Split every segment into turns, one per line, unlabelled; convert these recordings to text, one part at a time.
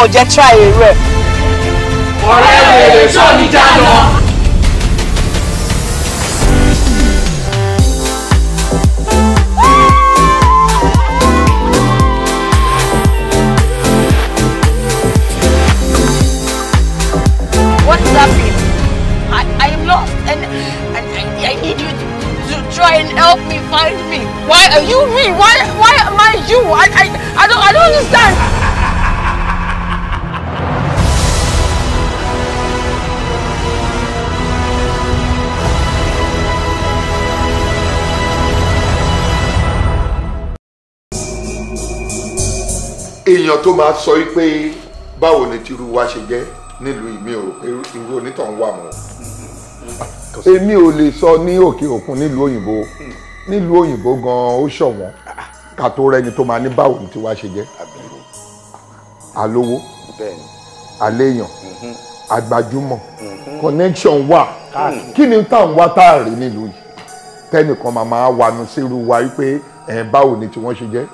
wọn ò jẹ́ try èrú ẹ̀.
ọ̀rẹ́ wèrè sọ́ni jáná.
èèyàn tó máa sọ wípé báwo ni tìrú wa ṣe jẹ́ nílùú ìmí o irú onítàn wà mọ́ èmi ò lè sọ ní òkè òkun nílùú òyìnbó nílùú òyìnbó gan-an ó ṣọ̀wọ́n ká tó rẹni tó máa ní báwo ni tiwa ṣe jẹ́ alówó aléèyàn agbájúmọ̀ mhm. mhm. connection wà kí ni tá wá tá a rí nílùú yìí tẹ́nìkan máa máa wanu sírú wa wípé báwo ni tiwọn ṣe jẹ́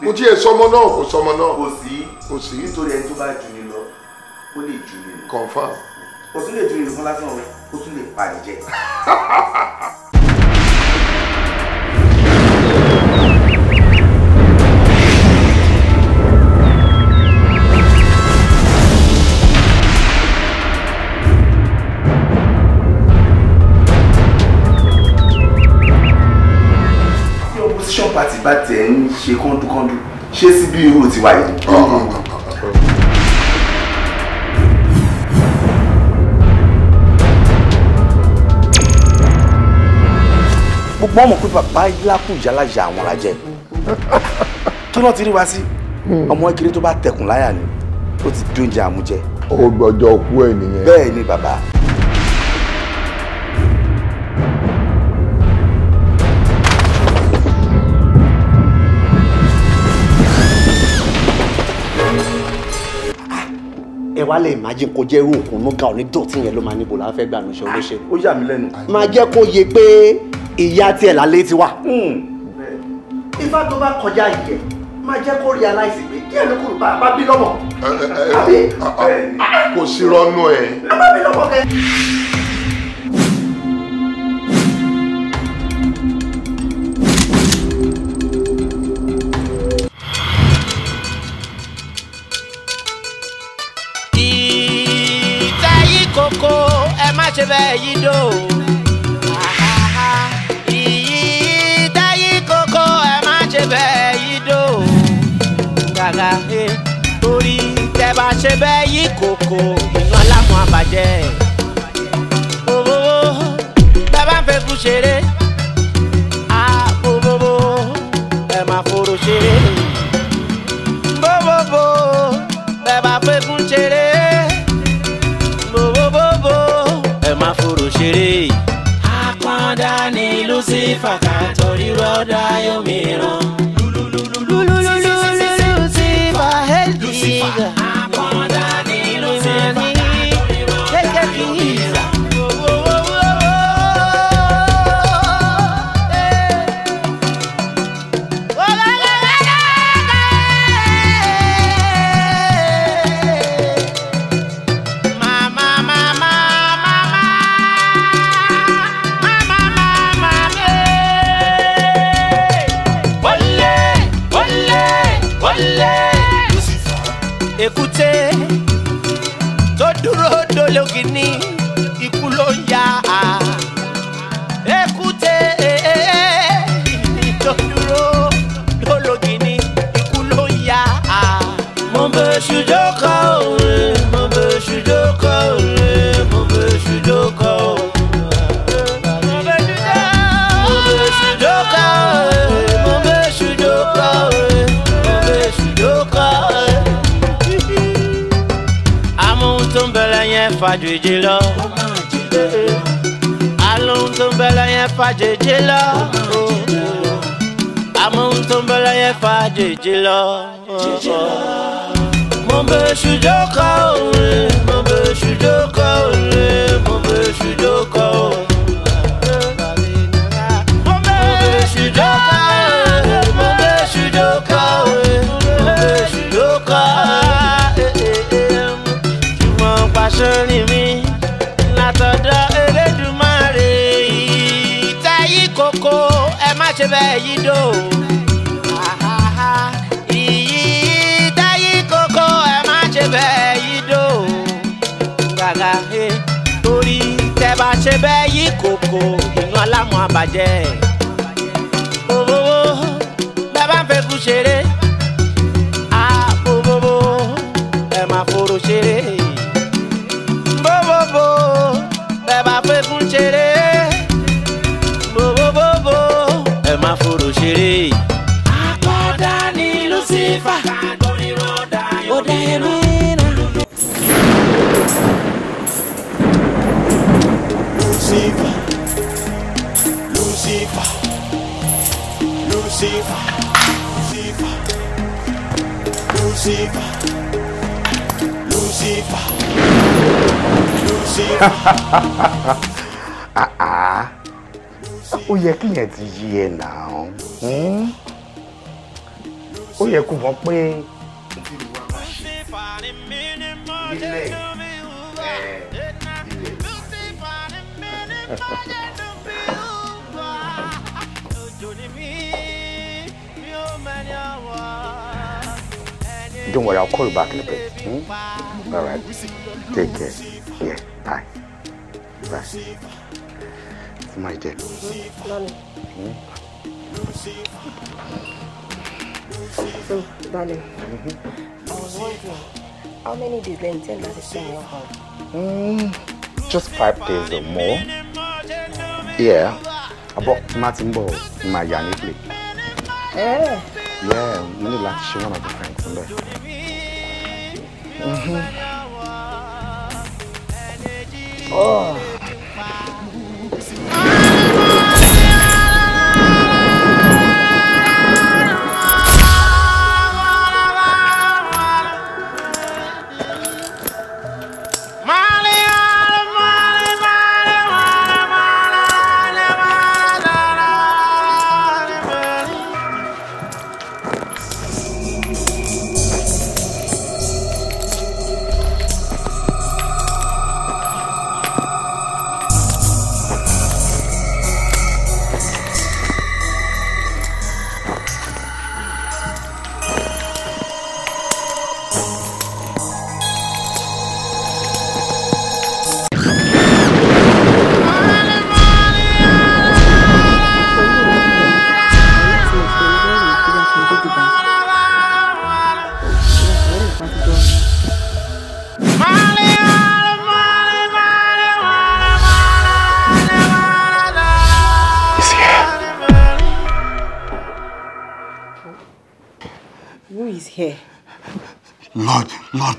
mo tiẹ̀ sọmọ náà kò sọmọ náà. kò sí kò sí nítorí ẹni tó bá jù ní lọ ó lè jù ní lọ. confam. o tún lè jù ní lọ fún lásán o tún
lè pàdé jẹ. bá tiẹ̀ ń ṣe kọ́ńdúkọ́ńdú ṣé sí bí irú tiwa yìí. gbogbo ọmọ pé bàbá ìlàkùn ìyálàjà àwọn lajẹ kí wọn ti rí wa sí hmm. ọmọ ekele tó bá tẹkùn láyà ni ó ti dóúnjẹ àmújẹ. ó gbọ́dọ̀ kú ẹ nìyẹn. bẹ́ẹ̀ ni bàbá. wá lè májí kó jẹ́ irú òkun núgà òní dọ̀tí yẹn ló máa níbo la fẹ́ gbà ní ṣe olóṣèlú. Ah, ó yà mí lẹ́nu. máa jẹ́ kó yé pé ìyá tiẹ̀ lálé ti wà. Hmm. ifá tó bá kọjá ìyẹn máa jẹ́ kó rí aláìsí pé díẹ̀ ló kùrù bá bí lọ́mọ.
Eh, eh, eh, ah, ah, kò sí rọ́nú ẹ̀.
bá bí lọ́mọ kẹ́.
kó ẹ má ṣe bẹ́ẹ̀ yí dò. ìyí táyí kókó ẹ má ṣe bẹ́ẹ̀ yí dò. gàgà torí e, tẹ bá ṣe bẹ́ẹ̀ yí kókó inú alámọ̀ àbàjẹ́. bòbòbò bẹ́ẹ̀ bá ń fẹ́ kú ṣeré. àbòbòbò ẹ má fòrò ṣeré. sí fàkàtọ̀ rírọ́ dáyọ̀ mìíràn.
ó yẹ kí yẹn ti yí ẹ náà hmm? ó yẹ kó mọ̀ pé ilé ilé. Don't worry, I'll call you back in a
bit. Hmm? All right. Take care. Yeah. Bye. Bye. My dear. Darling. So, hmm? hmm. hmm, darling. Mm-hmm. I was
wondering, how many days do you intend to stay in your
home? Mm, just five days or
more. Yeah. About Martin Ball in my Yanni play. Eh? Yeah, many like she one of the friends in there. Mm-hmm. 어.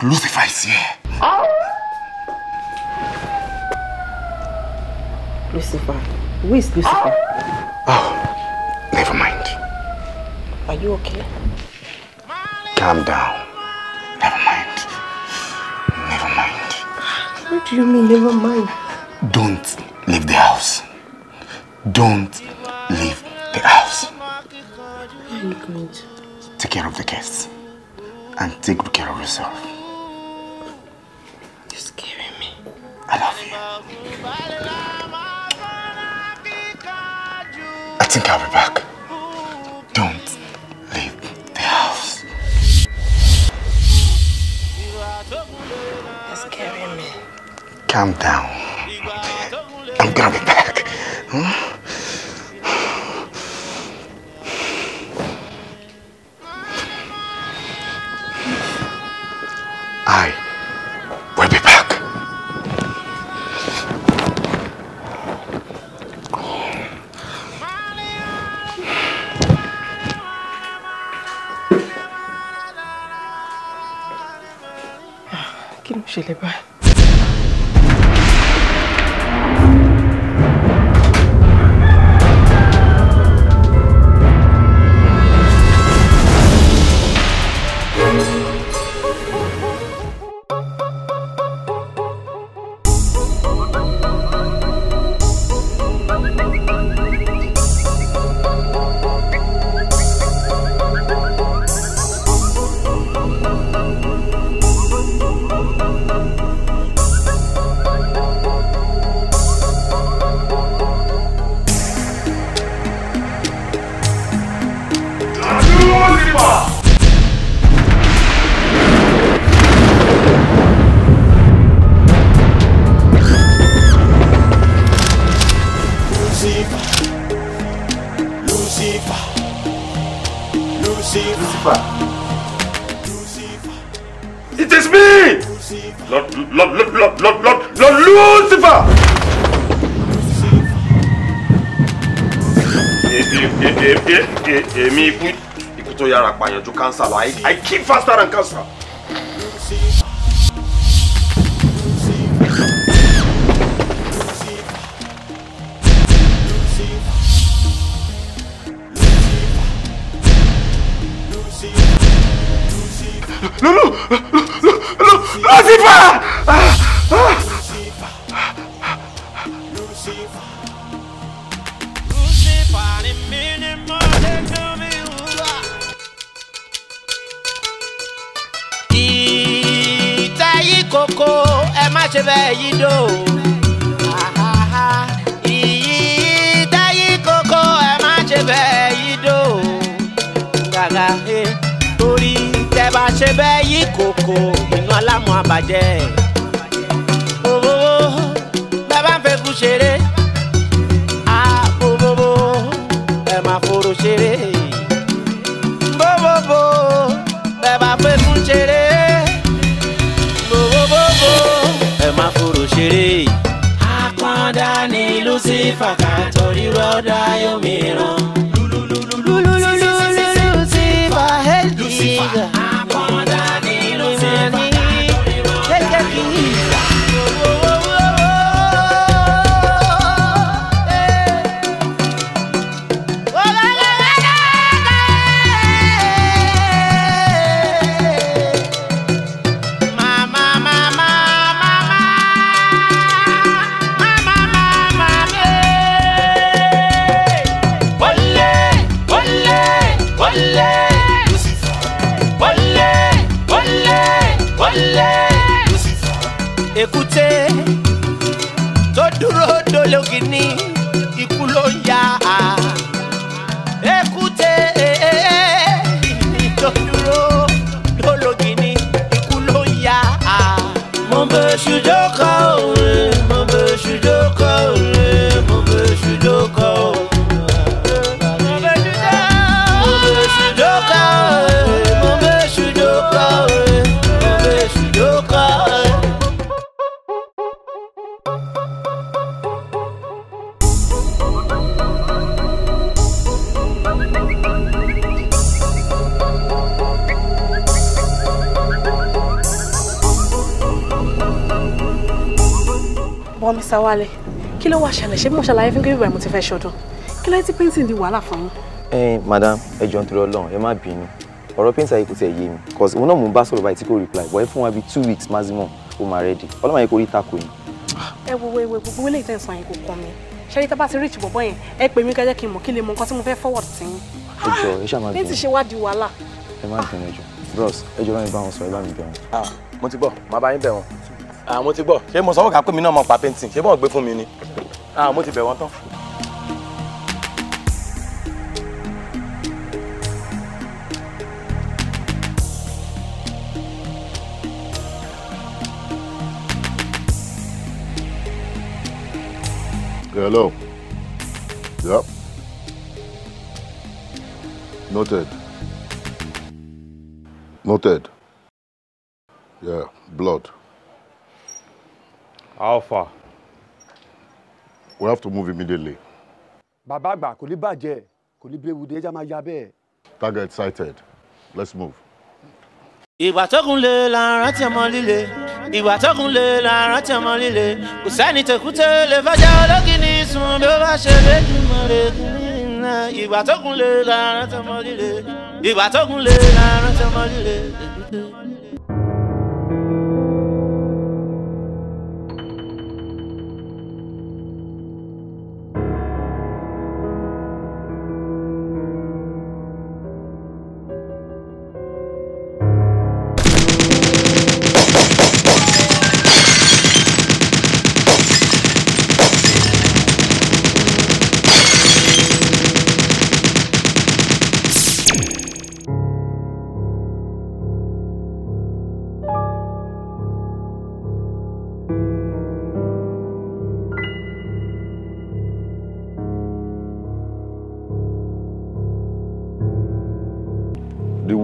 Lucifer is here.
Lucifer? Who is Lucifer?
Oh, never mind. Are you okay? Calm down.
Never mind. Never mind. What do you mean, never mind?
Don't leave the house. Don't leave the house.
Where are you
Take care of the guests. And take good care of yourself. I love you. I think I'll be back. Don't leave the house.
It's scaring me. Calm down. I'm gonna be
back. Hmm?
ṣẹlẹ̀ báyìí.
yanzu cancer. I, ai faster than cancer.
oko ẹ má ṣe bẹ́ẹ̀ yí dò. Ìyí táyí koko ẹ má ṣe bẹ́ẹ̀ yí dò. Gàgà he torí tẹ bá ṣe bẹ́ẹ̀ yí koko inú alámọ̀ àbàjẹ́. Bòbò bẹ́ẹ̀ bá ń fẹ́ ṣeré. Àbòbò ẹ má fòrò ṣeré. sí fàkà torí rọ́dà yóò mìíràn. lulululu sí fà hẹ́ẹ̀dì. èkúté tó dúró dológì ní ikú ló ya.
Wálé kí ló wá ṣẹlẹ̀ ṣé mo ṣàlàyé fún kébìbà mo ti fẹ́ ṣọdún kí ló ti painting di wàhálà fún yín.
ẹ madam ẹ jọ̀ọ́ nítorí Ọlọ́run ẹ má bínú ọ̀rọ̀ painter yìí kò tiẹ̀ yé mi cause òun náà mò ń bá sọ̀rọ̀ báyìí tí kò reply but fún wa bíi two weeks maximum ó máa ready ọlọ́mọ yẹn kò rí tako yìí.
ẹ wo ewu gbogbo wọlé ìtẹ̀ sàn yẹn kò kàn mí ṣẹ́yìn tá bá ti reach bọ̀bọ̀ yẹn ẹ pè mí kẹ́jẹ́ kí n mọ̀ kí lè mọ nǹkan tí mo fẹ́ forward sí yín.
ẹ jọ ẹ ṣáà má bínú. ní ti ṣe wá di wàhálà. ẹ má bínú ẹ jọ bros ẹ jọ bá mi bá wọn sọ ẹ bá mi bẹ̀ wọn. Ah,
mo ti gbọ́ màá bá yín bẹ̀ wọn ah mo ti gbọ́ ṣé mo sọ wọ́n kà pé mi náà mọ̀ pa painting ṣé bọ́n gbé fún mi ni ah mo ti bẹ̀ wọ́n tán.
Hello. Yep. Noted. Noted. Yeah, blood.
How far?
We have to move immediately. Bàbá àgbà kò ní bàjẹ́ kò ní bẹ́wùdé ẹja máa ya bẹ́ẹ̀. Target sighted. Let's move. Ìgbà tókun lè la rántí
ọmọ líle. Ìgbà tókun lè la rántí ọmọ líle. Kò sẹ́ni tèkúté lè fẹ́ jẹ́ olókìní sùn bí ó bá ṣe lójúmọ́ lè kún náà. Ìgbà tókun lè la rántí ọmọ líle. Ìgbà tókun lè la rántí ọmọ líle.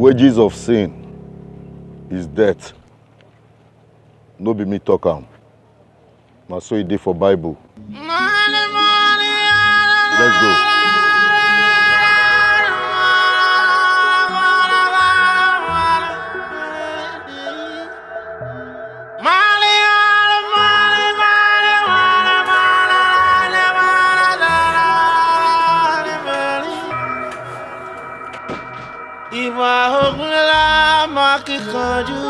wages of sin is death no be me talk am na so e dey for bible let's go.
máa ogun ńlá máa kíkanjú.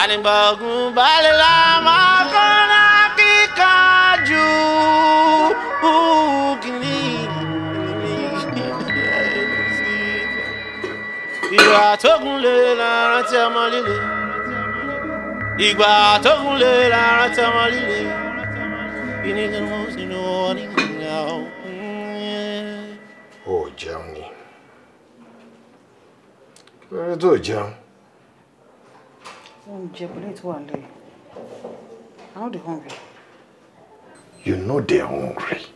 ànígbà ogun la máa kọ́ra kíkanjú. ìgbà tógun lè lára tí a máa líle ìgbà tógun lè lára tí ò jẹun ni kí
ló dé tó jẹun.
oúnjẹ plate wà lẹ́yìn i no dey hungry.
you know they're hungry.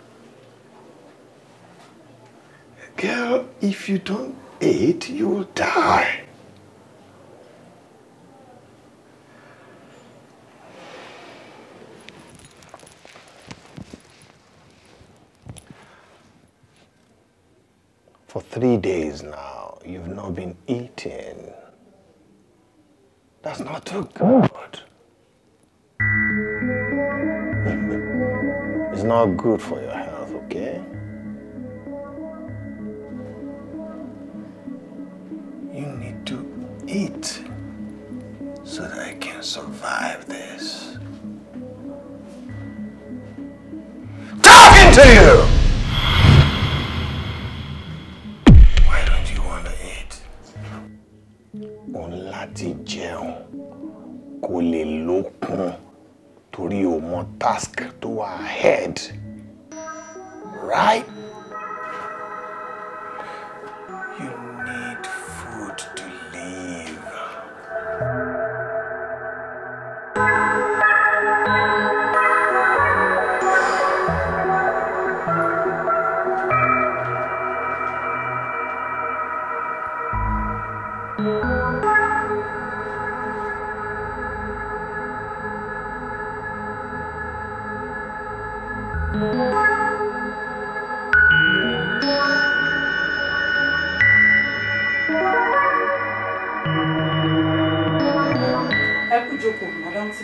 girl if you don't eat you will die. For three days now, you've not been eating. That's not too good. it's not good for your health, okay?
You need to eat so that I can survive this. Talking to you!
o láti jẹun kó lè lókun torí o mọ task tó wà ahead right.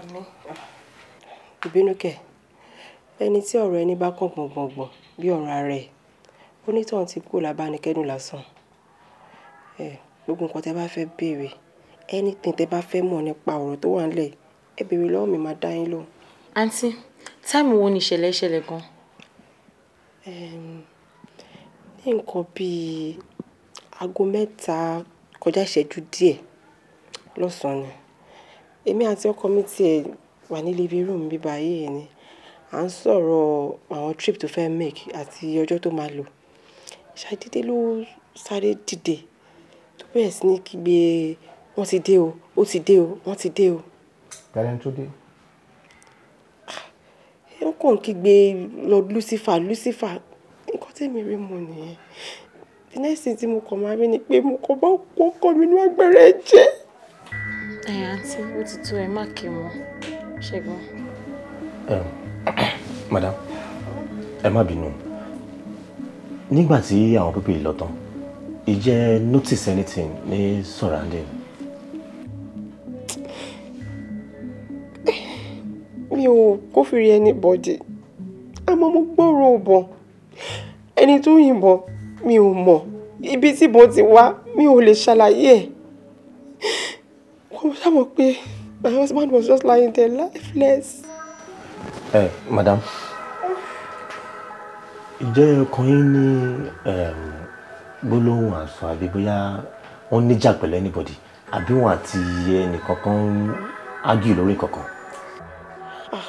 Àmín. Ìbínú kẹ̀. Ẹni tí ọ̀rọ̀ ẹni bá kàn gbọ̀ngbọ̀ngbọ̀n bí ọ̀rọ̀ ara ẹ̀, onítọ̀hún ti kúrò lábánikẹ́dùn lásán. Ẹ̀, gbogbo nǹkan tí ẹ bá fẹ́ bèèrè, anything tí ẹ bá fẹ́ mọ̀ nípa ọ̀rọ̀ tó wà nílẹ̀, ẹ bèèrè lọ́wọ́ mi, màá dá yín lóhùn. Aunty, táìmù wo ni ìṣẹ̀lẹ̀ ṣẹlẹ̀ gan? Ẹm, ní nǹkan bí aago mẹ́ta kọjá ìṣẹ́jú díẹ̀ lọ́sàn-án ni èmi àti ọkọ mi ti ẹ̀ wà ní living room bí báyìí ni. À ń sọ̀rọ̀ àwọn trip tó fẹ́ make àti ọjọ́ tó máa lò. Ṣadé ló sáré dìde tó bẹ̀rẹ̀ sí ní kígbe, "Wọ́n ti dé o, ó ti dé o, wọ́n ti dé o." Ta lẹni tó dé? Ó kàn kígbe Lord Lucifer, Lucifer. Nǹkan tí èmi rí mọ̀ nìyẹn. The next thing tí mo kàn máa rí ni pé mo kàn bá òkú ọkọ mi nínú àgbàrá ẹ̀jẹ̀ ẹ àǹtí ó ti tó ẹ má kí wọn ṣẹ́gun.
madam ẹ má bínú nígbà tí àwọn pípé lọ tán ìjẹ́ notice anything ní surrounding.
mi ò kófìrí anybody àmọ́ mo gbọ́rọ̀ ọ̀bọ̀n ẹni tó yìnbọn mi ò mọ̀ ibi tí ìbọn ti wá mi ò lè ṣàlàyé ẹ̀ mo ṣàmọ̀ pé my husband was just lying there lifeless.
ẹ eh, madam ìjẹ́ ọkàn yín ní ehm, gbólóhùn àṣọ àbí bóyá wọ́n níjà pẹ̀lú anybody àbí wọn àti ẹnìkankan ń argue lórí kankan. Ah,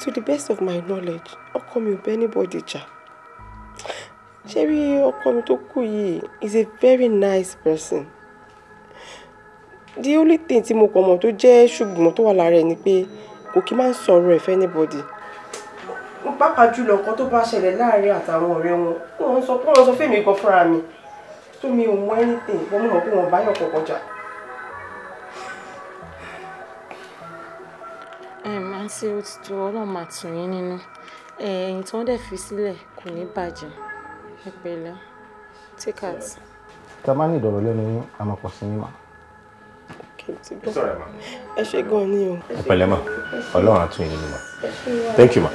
to the best of my knowledge ọkọ mi ò bá anybody jà ṣé rí ọkọ mi tó kú yìí is a very nice person the only thing tí mo kàn mọ̀ tó jẹ́ ṣùgbọ́n tó wà lára ẹ̀ ni pé kò kí máa ń sọ̀rọ̀ ẹ̀ fẹ́ anybody. pàápàá jùlọ nǹkan tó bá ṣẹlẹ̀ láàrin àtàwọn ọ̀rẹ́ wọn kó wọn sọ kó wọn sọ fèmí gan fúnra mi tó mi ò mọ anything wọn mọ̀ pé wọn bá yàn kọ̀ọ̀kan jà. ẹ máa ń ṣe òtítọ́ ọlọ́run máa tù yín nínú ẹ̀yìn tí wọ́n dẹ̀ fi sílẹ̀ kò ní bàjẹ́ ẹ pẹ̀lẹ́ take
tá a bá ní ìdọ̀rọ̀ lẹ́nu yín a máa pọ̀ sí yín máa
ẹ ṣe ma
thank you ma.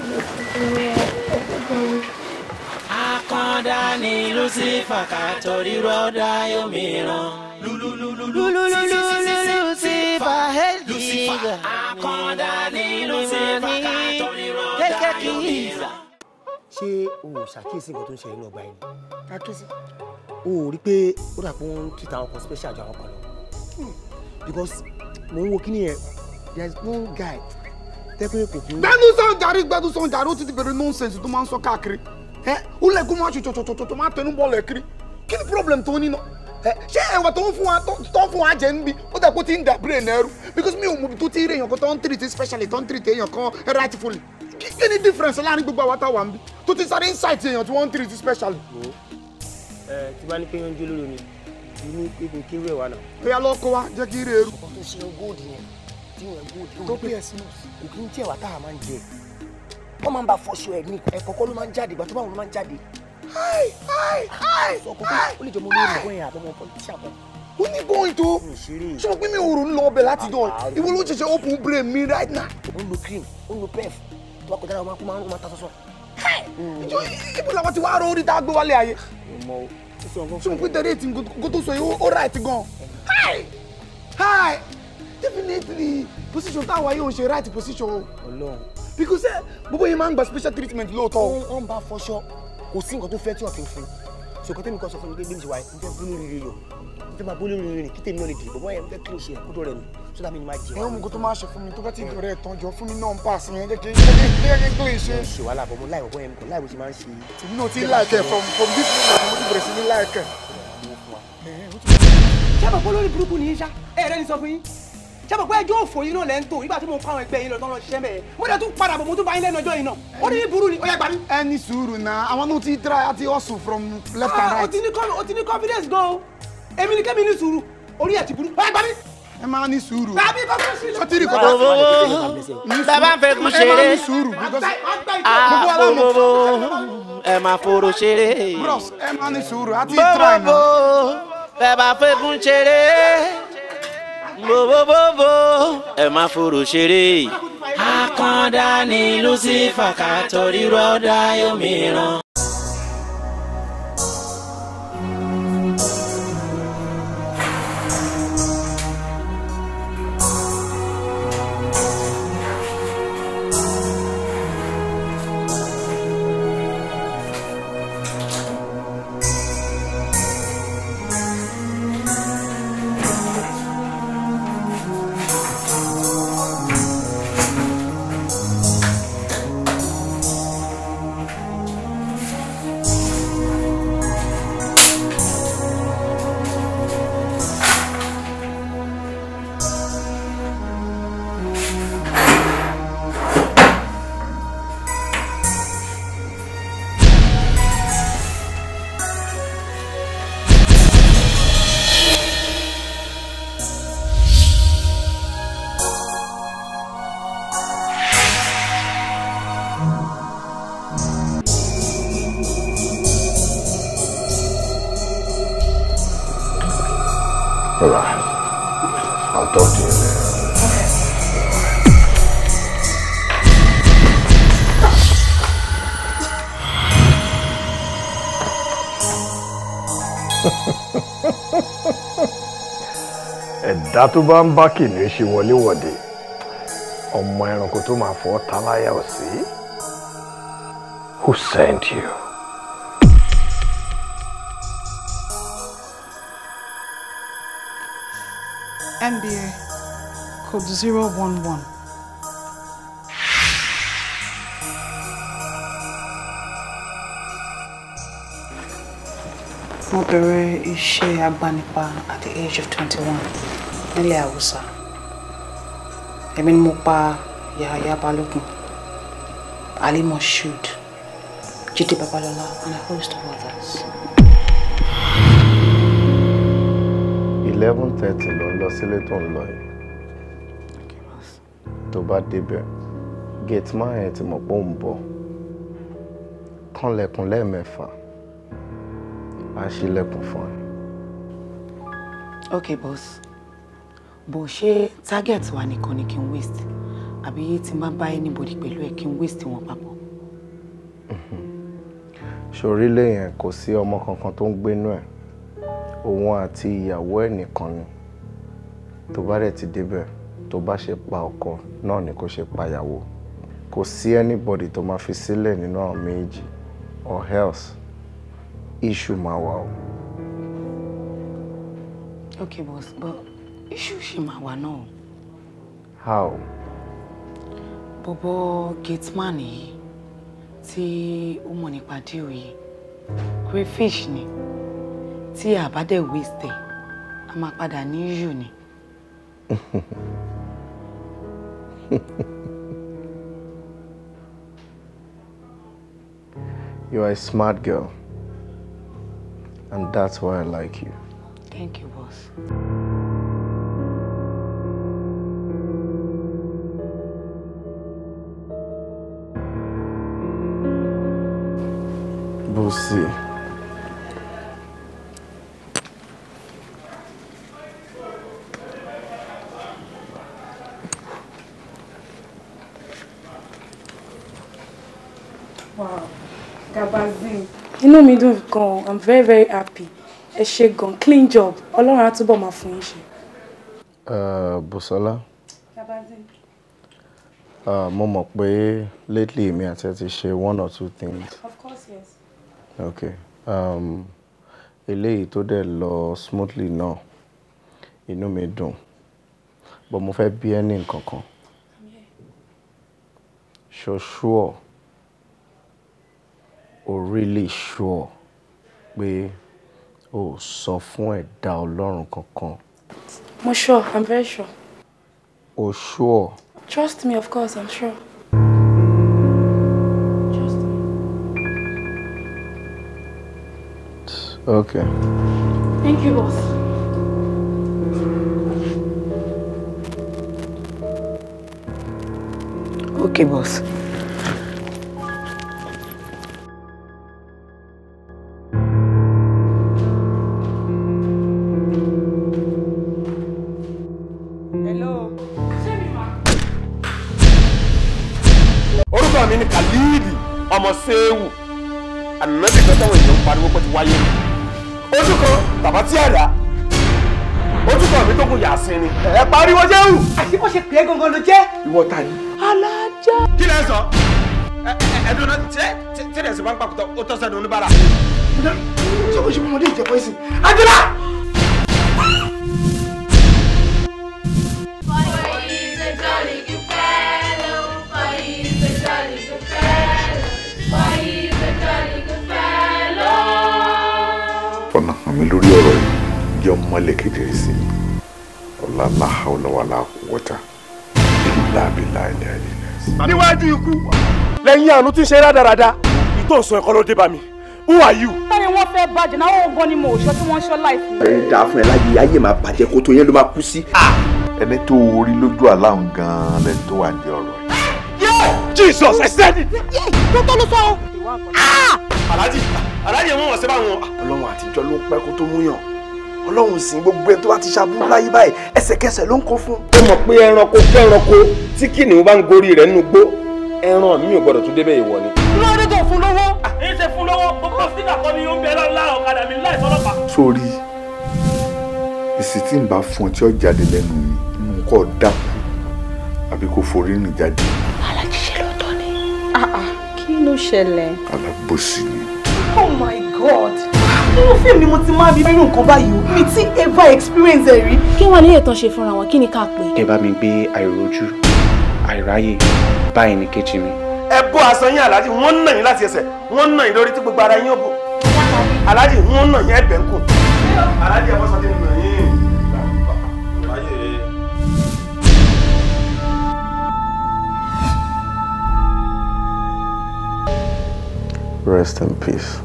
ṣé o ṣàkíyèsí nǹkan tó ń ṣe inú ọgbà yìí ṣàkíyèsí. o rí pé ó dà pé wọ́n ń kíta ọkọ̀ special ju àwọn kan lọ. Hmm because mo ń wo kí nìyẹn there is one guy
tẹ́pẹ́ kò fún.
gbẹnusan jàre gbẹnusan jàre ó ti ti bẹ̀rẹ̀ nonsense tó máa ń sọ káàkiri ẹ ó lẹ́kún máa ṣe tọ̀tọ̀tọ̀ to máa tẹnu bọ́ọ̀lù ẹ̀ kiri kí ni problem tó ní náà ṣé ẹwà tó ń fún wa tó ń fún wa jẹ níbi ó dà kó ti ń dà brain ẹrú because mi ò mọ̀ tó ti rí èèyàn kan tó ń treat specially tó ń treat èèyàn kan rightfully kí ni difference láàrin gbogbo àwọn táwa ń bí tó ti sáré insight èèyàn tí wọ́n ń treat specially. ẹ ti bá ní pé yóò ń jó lórí mi ti ní ibo kí rẹ̀ wà náà. bóyá lọ kó wa jẹ́ kí rẹ̀ eru. ọkọ tó ṣe góòdì yẹn tí wọn góòdì tó pé ẹsìn kò kí n tiẹ̀ wá tá a máa ń jẹ wọ́n máa ń ba fọṣọ ẹ̀ ní ẹ̀kọ́ kọ́ ló máa ń jáde ìgbà tó bá wọn ló máa ń jáde.
sọ kò kí ó
lè jọ mọ olórí ìbọn yẹn àbọ̀mọ pọlitíṣà kan
ó ní bóyìn tó ṣé o pín mi òòrùn ń lọ ọbẹ̀ láti dán ìwọ ló ṣẹ̀ṣẹ̀ open brain mi right now. ó ń lo cream
ó ń lo pef tó bá kọjá náà ó máa ń ta sọ́sọ́. ìjọ ibo làwọn ti wá rọ orí tá a gbé wálé ayé
ṣé mo pín
tẹ̀lé ètì kó tó sọ yìí ó right gan hi hi definitely position táwa yóò ṣe right position o. Ọlọ́run. because eh, gbogbo yìí máa ń gba special treatment lóòótọ́. ó ń bá fọṣọ kò sí nǹkan tó fẹ́
tí wọ́n fi fún un so kọ́tẹ́mi kan sọ fún mi pé bí mi ṣe wáyé mo fẹ́ bólú rírì lò mo fẹ́ máa bólú rírì kí tèmi náà lè dìbò bọ́yá mo fẹ́ kí n ṣe ẹ̀kú tó rẹ̀ mi so that mi ni ma jẹ. ẹ ń mú kó tó máa mi tó bá ti dọ̀rẹ́ ẹ̀tàn jọ fún mi náà ń
pass yẹn jẹ́ kí jẹ́ kí n ṣe. ṣe
wàhálà mo láì wọ́n ẹ̀mí kò láì bó ṣe máa ń
ti láìkẹ́ from from this moment mo ti bẹ̀rẹ̀ sí ní láìkẹ́.
sábà pé lórí burúkú ni yín ṣá ẹ̀rẹ́ ni sọ fún yín sábà pé ẹjọ́ òfò yín náà lẹ́ ń tò nígbà tí mo pa àwọn ẹgbẹ́ yín lọ tán lọ ṣiṣẹ́ mẹ́ẹ̀ mo dẹ̀ tún padà bọ̀ mo tún bá yín lẹ́nu ọjọ́ yìí náà ó ní burú ni ó yá gbà mí. ẹ ní sùúrù náà àwọn ti try àti hustle from left and ah, right. o ti ní confidence gan o ni kémi ní sùúrù orí ẹ̀
ti burú ó yá gbà ẹ máa ní sùúrù
sọtírì kọ́ bá sùúrù
bàbá ń fẹ́ kú ṣeré ẹ máa ní sùúrù
gbogbo
ẹ máa fòrò ṣeré ẹ suru.
ní sùúrù àti ìtura ẹ̀
náà. bàbá fẹ́ kú ṣeré bobobobo ẹ máa fòrò ṣeré. akanda ni lucifer kàtó rírọ́ dá yóò mìíràn.
ẹ̀dá tó bá ń bá kìnìún ṣe wọléwọ̀de ọmọ ẹranko tó máa fọ́ táláyà ò sí. Who sent you?
MBA code zero one one. Mo bẹ̀rẹ̀ iṣẹ́ agbanipa at the age of twenty-one nílẹ̀ haúsá èmi ni mo pa Yahaya Balógun Ali Moshood Jide Babalola and a host of
others.
eleven thirty ló ń lọ sílé tó ń lọ yìí tó bá débẹ̀ gate man yẹn ti mọ̀ pé ń bọ̀ kànlẹ̀kùn lẹ́ẹ̀mẹ́fà á ṣílẹ̀kùn fún ẹ.
okay boss bó ṣe target wa nìkan ni kí n waste àbí tí n bá bá anybody pẹ̀lú ẹ̀ kí n waste wọn papọ̀.
Mhm. ṣòrí lẹ́yìn kò sí ọmọ kankan tó ń gbénú ẹ̀ òun àti ìyàwó ẹ̀ nìkan ni tó bá dẹ̀ ti débẹ̀ tó bá ṣe pa ọkọ náà ni kò ṣe pa ìyàwó kò sí anybody tó máa fi sílẹ̀ nínú àwọn méjì or else issue máa wà o.
okay boss but iṣu ṣì máa wà náà. how. bọ́bọ́ gateman yìí tí ó mọ̀ nípa díò yìí crayfish ni tí àbádẹ́ waste a máa padà ní
yù ni.
You are a smart girl. And that's why I like you.
Thank you, boss.
we'll see.
Wow, Gabazin,
inú mi dùn gan I'm very very happy. Ẹ ṣe gan, clean job, Ọlọ́run á túbọ̀ máa fún yín ṣe.
Bùsọ́lá. Uh, mo mọ̀ pé lately èmi àti ẹ ti ṣe one or two things.
Of course, yes.
Okay. um, eléyìí tó dẹ̀ lọ smoothly náà inú mi dùn but mo fẹ́ bí ẹ ní nǹkan kan so sure o really sure pé o sọ fún ẹ̀dá ọlọ́run kankan.
mo sure i'm very sure.
o sure.
trust me of course i'm sure.
Okay. Thank you, boss. Okay,
boss.
ọmọ séwù ànábì kan táwọn èèyàn ń pariwo pé ti wáyé ojú kan bàbá tí àrà ojú kan mi tó kun yàsín ni. ẹ pariwo jẹ́wù. àti bó ṣe pè é gangan ló jẹ́. ìwọ ta ni. alájà. kí lẹ sọ ẹdun náà tẹ tẹ tẹ dẹsẹ bá ń pàkútọ ó tọ sẹdun oníbàárà. ṣé kò ṣe mọmọdé ìjẹpọ ẹsìn. àjọlá.
jẹ́ mọ́lẹ̀ kedere sí mi
ọ̀la láhàólọ́wọ́lá wọ́tà láàbí láìlẹ̀
àìlẹ̀.
níwájú ikú lẹ́yìn àánú tí ń ṣe rádaràda ìtòsùn ẹ̀kọ́ ló dé bá mi who are you.
táyé wọn fẹ́ bàjẹ́ náà wọn gan ni mo sọ tí wọ́n sọ láìpẹ́.
ẹ dáa fún ẹ láyé ayé máa bàjẹ́ kó tó yẹn ló máa kú sí. ẹni tó orí lójú aláhùn gan-an tó wà ní ọ̀rọ̀ yìí. Jesus I said tó tó ló sọ aláàjì aláàjì mú wọn sí báwọn.
ọlọ́run àtijọ́ ló pẹ́ kó tó múyàn ọlọ́run sìn gbogbo ẹ tó bá ti ṣàbúrú láyé báyìí
ẹsẹ̀kẹsẹ̀ ló ń kó fún. ẹ mọ̀ pé ẹranko kẹ́ranko tí kìnìún bá ń gorí rẹ̀ nínú gbó ẹran mi ò gbọdọ̀ tún débẹ̀ ìwọ ni. lórí tó fún lówó. èyí ah, ṣe fún lówó gbogbo síkà kan ni ó ń ọ̀kadà mi láì sọ́lọ́pàá. sórí èsì tí n bá fún ọ tí ó jáde mi inú kọ́ dákú àbí kò forí rìn jáde. alájíṣe lọ́tọ̀ ni.
Ah, ah, kí ló ṣẹlẹ̀.
alábòsí ni.
oh my
god
nínú fíìmù ni mo ti máa rí irú nǹkan báyìí o mi ti ever experience ẹ̀ rí. kí wàá ní
ètò ṣe fúnra wọn kí ni ká pè. ẹ
bá mi gbé àìrójú àìráyè bá ẹnì
kejì mi.
ẹ bọ́ aṣọ yín aláàjì wọ́n nà yín láti ẹsẹ̀ wọ́n nà yín lórí tí gbogbo ara yín ò bò aláàjì wọ́n nà yín ẹ̀bẹ̀ ń kù aláàjì ẹ̀wọ́n sọ kí ni yín.
Rest in peace.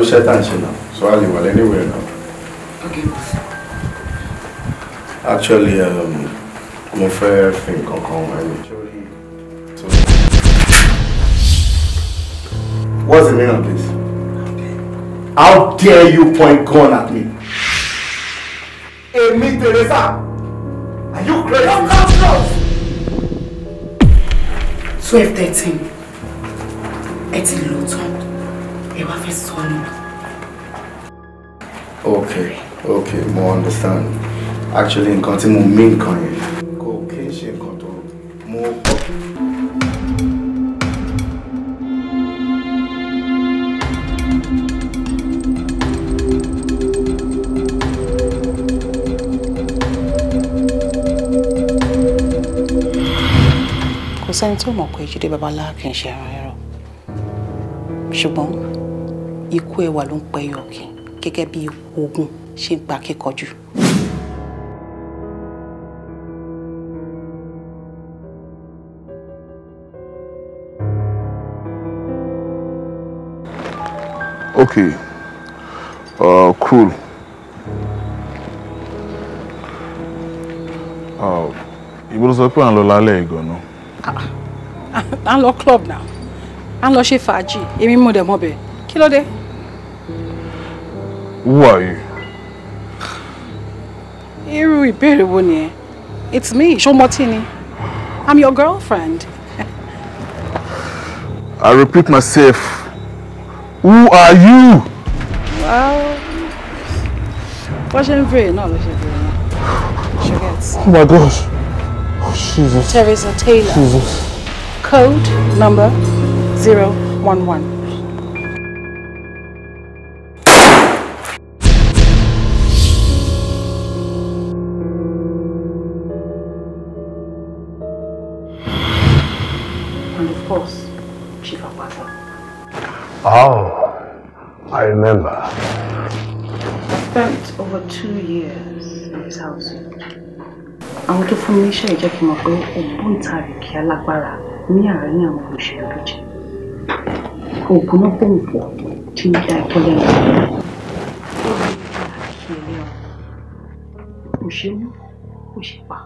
torí iṣẹ́ tá à so a lè wà anywhere now. okay boss. actually um, mo fẹ́ fi nǹkan kan wọ̀ what's the meaning of this?
how dare you point gun at me?
èmi Teresa are you crazy? don't come close. twelve thirteen ẹ ti máa
fi sọ
ok ok mo understand actually nǹkan tí mo mí nǹkan yẹn kò kí n ṣe nǹkan
tó mo kọ́. kò ikú ẹwà ló ń pẹ́ yọ̀kì gẹ́gẹ́ bí ogun ṣe ń pa kíkọjú.
Okay. Uh, cool. Uh, ibo ló sọ pé à ń lọ lálẹ́ ìgàn
À ń lọ club náà. À ń lọ ṣe fàájì. Èmi mú dẹ̀ mọ́ bẹ̀. Kí ló dé? Who are you? Irú ìbéèrè wo nìyẹn? It's me, Shomoti ni. I'm your girlfriend.
I repeat myself. Who
are
you? Well, wọ́n ṣe ń bèrè náà ló ṣe Oh
my gosh. Oh Jesus.
Teresa Taylor. Jesus. Code number 011.
two years in
this house. àwọn tó fún mi iṣẹ́ ìjẹ́ kí n mọ̀ pé ògbóǹtarìgì alágbára ní àárín àwọn olóṣèlú ló jẹ́ oògùn náà pò ń pọ̀ tí ń da ẹ̀kọ́ lẹ́nu. ó lè ta kí ẹ lẹ́wọ̀n kò ṣe mú kò ṣe pa.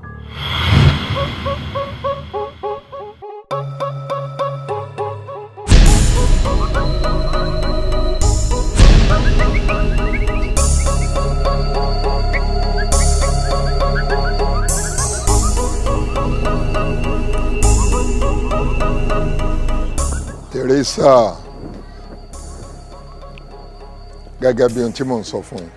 lisa gẹ́gẹ́ bí ohun tí mò ń sọ fún un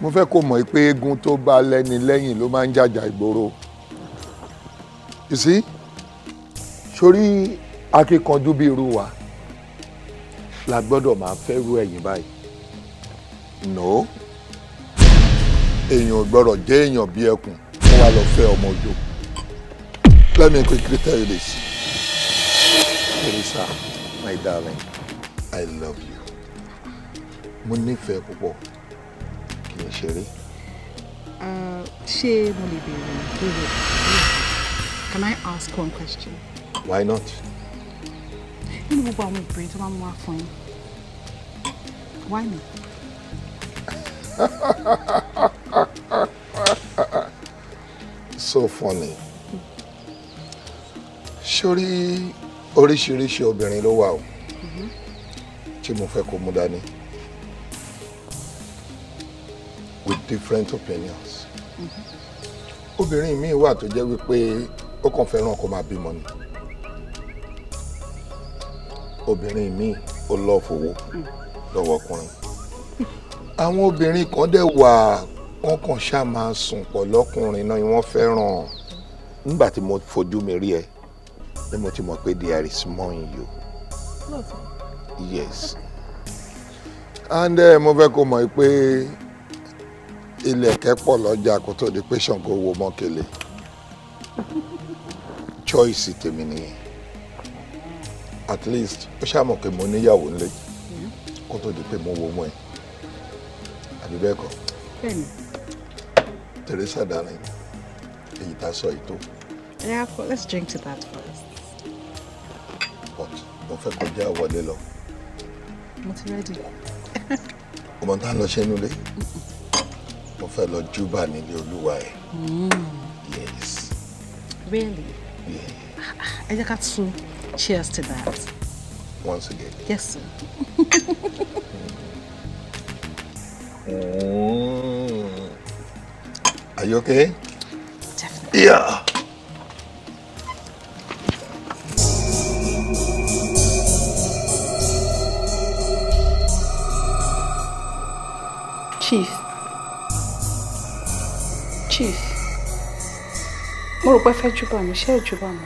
mo fẹ́ kó mọ̀ pé eégún tó bá lẹ́ni lẹ́yìn ló máa ń jàjà ìgboro you see sórí akíkanjú bí irú wa la gbọ́dọ̀ máa fẹ́ rú ẹ̀yìn báyìí no èèyàn ò gbọ́dọ̀ jẹ́ èèyàn bí ẹkùn wọ́n wá lọ fẹ́ ọmọ òjò let me quickly tell you this. Elisa, my darling, I love you. Mo nífẹ̀ẹ́ púpọ̀, kì í ṣeré.
Uh, ṣé mo lè béèrè ìbéèrè? Can I ask one question? Why not? Nínú gbogbo àwọn ìbéèrè tó máa ń wá fún yín,
why me?
so funny. Ṣorí. Surely oríṣiríṣi obìnrin ló wà o tí mo fẹ́ kó mú dání with different opinions obìnrin mi wà tó jẹ́ wípé ó kàn fẹ́ràn kó máa bímọ ni obìnrin míì ó lọ́ọ̀fù owó lọ́wọ́ ọkùnrin àwọn obìnrin kan dẹ̀ wà wọ́n kàn ṣáà máa sùn pọ̀ lọ́kùnrin náà ni wọ́n fẹ́ràn nígbà tí mo fojú mi rí ẹ ni mo ti mọ̀ pé there is more in you. lóòótọ́. yes and eh, mo fẹ́ kó mọ̀ pé ilẹ̀kẹ̀ pọ̀ lọ́jà kó tó di pé ṣàǹkó wo mọ́kẹ́lẹ́ choice tèmi nìyẹn at least ó ṣàmọ̀ pé mo níyàwó ńlé kó tó di pé mo wo mọ́ ẹ àbí Teresa darling èyí tá sọ yìí
Yeah, let's drink to that first
mo fẹ́ kọjá wọlé lọ. mo ti rẹ́dì. ọmọ tá a lọ ṣe nílé mo fẹ́ lọ júbà nílé olúwa ẹ̀.
Hmm. yes. really. ẹ jẹ́ ká tún cheers to that. once again. yes sir.
mm.
are you okay? definitely. yeah.
mo rò pé fẹ́ júbà mi ṣé ìjúbà mi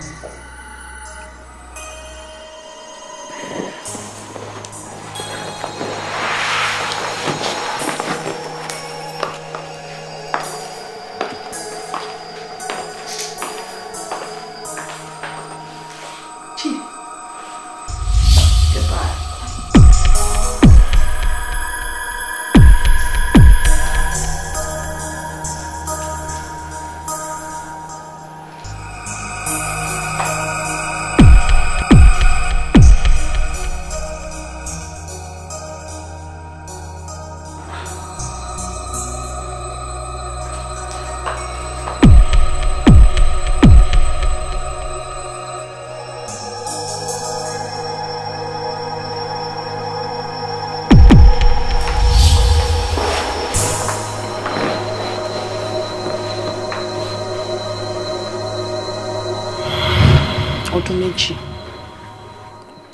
ọdún méjì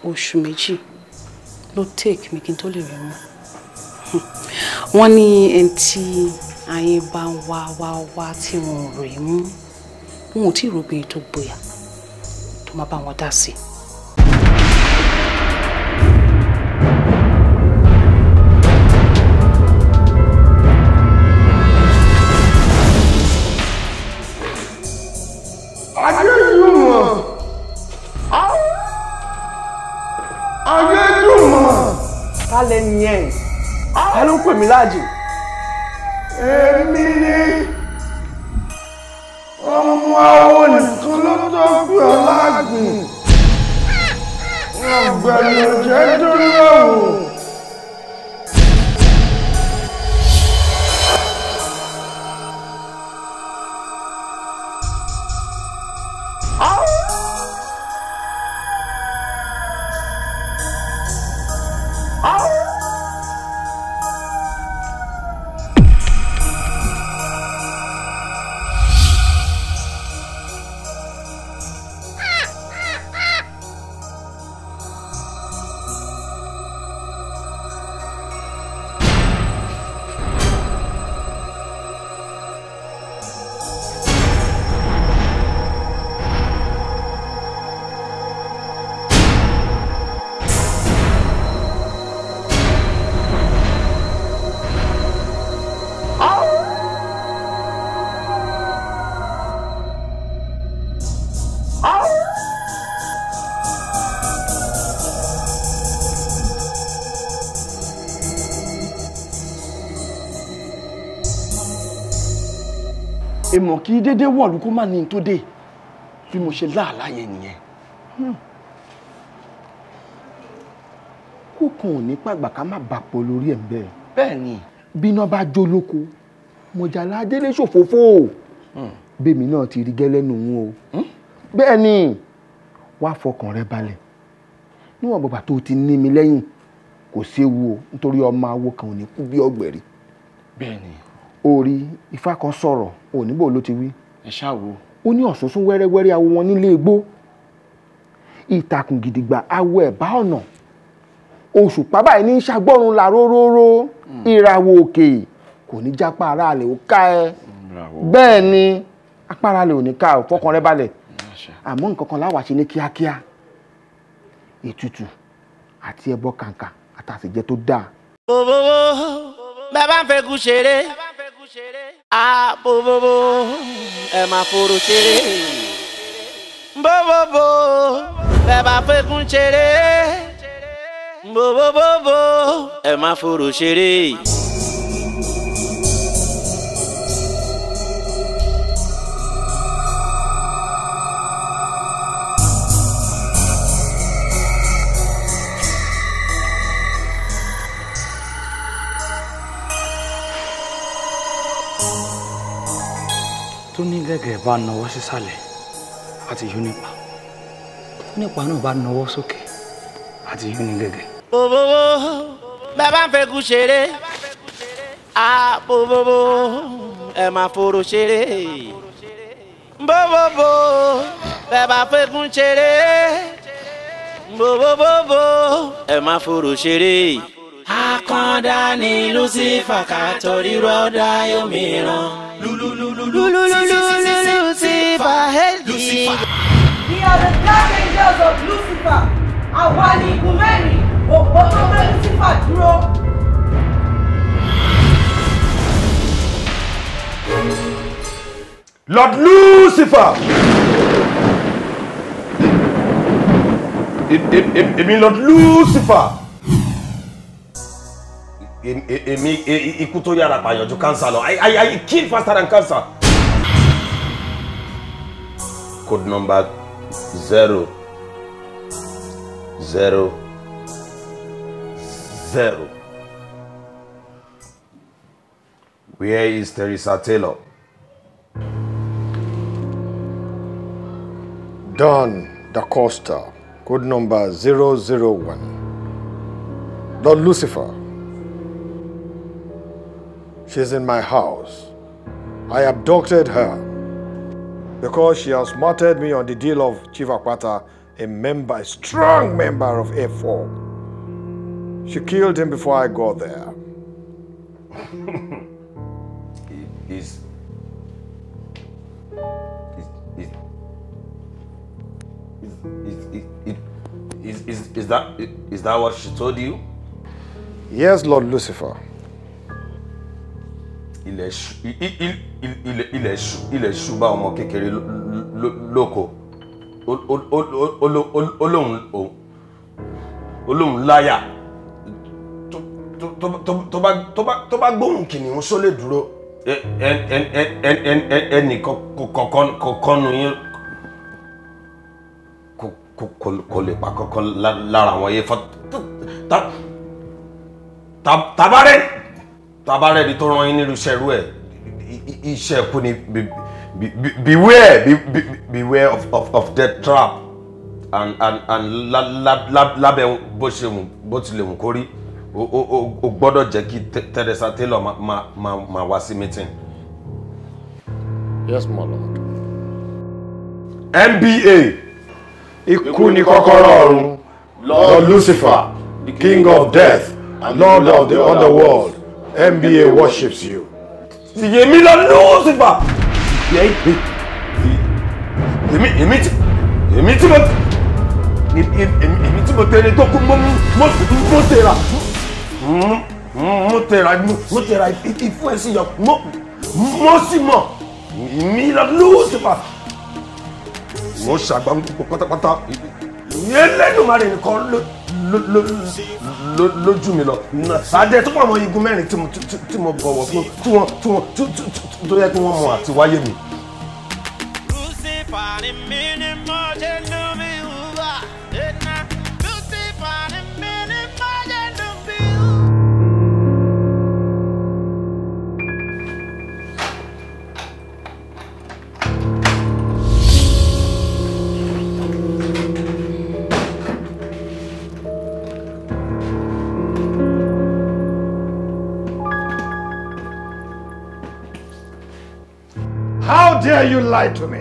oṣù méjì ló take mi kí n tó lè rí wọn hm. wọ́n ní ẹni tí ayé bá ń wá wá wá tí wọn ò mú wọn ò tí ì rògbìn tó gboyà tó má bá wọn dá sí i.
pè mí láàjò. èmi ni ọmọ àwọn nìkan ló tó pè ọ́
láàgùn ọ̀gbẹ̀lẹ̀ òjẹ́ dúró wò.
èèyàn kì í dédé wọ̀lú kó má ní tó dé bí mo ṣe láàlá
yẹn nìyẹn hmm. kókàn
ò ní pàgbà ká má bà pọ̀ lórí ẹ̀ bẹ́ẹ̀ bẹ́ẹ̀ ni bíná bá jó lóko mọ̀jàlá délé ṣòfófó hmm. bèmi náà ti rí gẹ́lẹ́ nù ún o hmm. bẹ́ẹ̀ ni wàá fọkàn rẹ balẹ̀ níwọ̀n bàbà tó ti ní mi lẹ́yìn kò séwu o nítorí ọmọ awo kan ò ní kú bí ọ̀gbẹ̀rì bẹ́ẹ̀ ni orí ifá kan sọ̀rọ̀ òníbò ló ti wí. ẹ ṣáàwó. ó ní ọ̀sùnsún wẹ́rẹ́wẹ́rẹ́ awo wọn nílé igbó ìtàkùn gidigba awo ẹ̀bá ọ̀nà oṣù pábà ní ṣàgbọ́run là róróró hmm. ìràwọ̀ òkè kò ní jápá ara rẹ̀ ó ká ẹ bẹ́ẹ̀ ni apá ara rẹ̀ ò ní ká ọ fọkàn rẹ balẹ̀ hmm, àmọ́ nǹkan kan láwàá ṣe ní kíákíá ètùtù àti ẹbọ kàǹkà àtàsìjẹ tó dáa.
bàbá ń fẹ́ kú ṣeré. Ah, bo bo bo, ẹ máa foro ṣeré. Bo bo bo, ẹ máa fẹ́kún ṣeré. Bo bo bo bo, ẹ máa foro ṣeré.
tẹ́lẹ̀gẹ̀ bá nawọ́ sísàlẹ̀ àti yún nípa nípa náà bá nawọ́ sókè àti yún ní gẹ̀gẹ̀.
bòbòbò bàbá ń fẹ́kù ṣeré àbòbòbò ẹ máa fòrò ṣeré bòbòbò bàbá fẹ́kù ṣeré bòbòbò ẹ máa fòrò ṣeré akanda ni lucifer ká torí rọ́dá yomìíràn.
lulululululu
lucifer heli.
we are
the dark angels
of lucifer
àwa
ni ìgúnmẹ́rin òpó tó gbé lucifer dúró.
Lord Lucifer. Èmi Lord Lucifer èmi ikú tó yára pààyàn ju cancer lọ I I I kill faster than cancer. code number zero zero zero. Where is Teresa Taylor? Don Da Costa, code number 001. Don Lucifer, She's in my house. I abducted her because she has martyred me on the deal of Chief Akwata, a member, a strong member of A4. She killed him before I got there. is, is, is, is, is, is, that, is that what she told you? Yes, Lord Lucifer. ilẹ̀ ṣú bá ọmọ kékeré lóko olóhùn láyà tó bá gbóhùn kìnìún só lè dúró ẹnì kọ̀ọ̀kan nù yín kò lè pa kankan lára àwọn yẹn fọ tabarẹ tabarẹ ni tó yín nílùú iṣẹ́ ẹ̀ iṣẹ́ kú ni beware beware of of death trap and and and lábẹ́ bó ṣe wù bó tilẹ̀ wù kórí o gbọ́dọ̀ jẹ́ kí Teresa Taylor máa máa máa wá sí meeting. yes my lord. NBA, ikú ni kọ́kọ́rọ́ ọ̀run Lord Lucifer the king of death and lord of the underworld NBA worships you. Yèmí lọ Lucifer. emi tí emi tí mo emi tí mo tẹ̀lé tó kú mo mo mo tẹ̀ra hmm, hmm, mo tẹ̀ra mo tẹ̀ra ìfún ẹ̀ sí yọ mo mo sì mọ̀ emi lọ Lucifer. Mo ṣàgbà gbogbo pátápátá. Ẹlẹ́dùnmarè nìkan ló lójú mi lọ adé tó pọ̀ mọ́ igun mẹ́rin tí mo bọ̀wọ̀ fún tí wọ́n tí wọ́n tó yẹ kí wọ́n mọ àti wáyé mi. Lucifer
ni mí ni mo ṣe
lómi.
How dare you lie to me?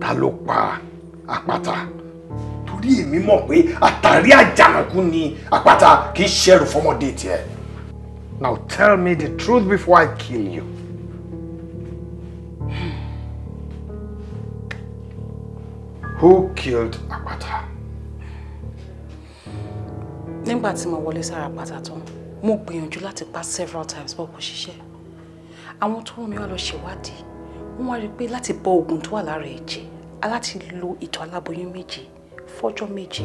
Ta ló pa àpáta? Torí èmi mọ̀ pé àtàrí àjànàkú ni àpáta kì í ṣẹ̀rù fọmọdé tiẹ̀. Now tell me the truth before I kill you. Who killed Àpáta?
Nígbà tí mo wọlé sára àpáta tán, mo gbìyànjú láti pa several times bó kò ṣiṣẹ́ àwọn tó rán mi wá lọ ṣèwádìí wọ́n wá rí i pé láti bọ oògùn tó wà lára ẹ̀jẹ̀ aláti lo ìtọ̀ aláboyún méje fọ́jọ́ méje.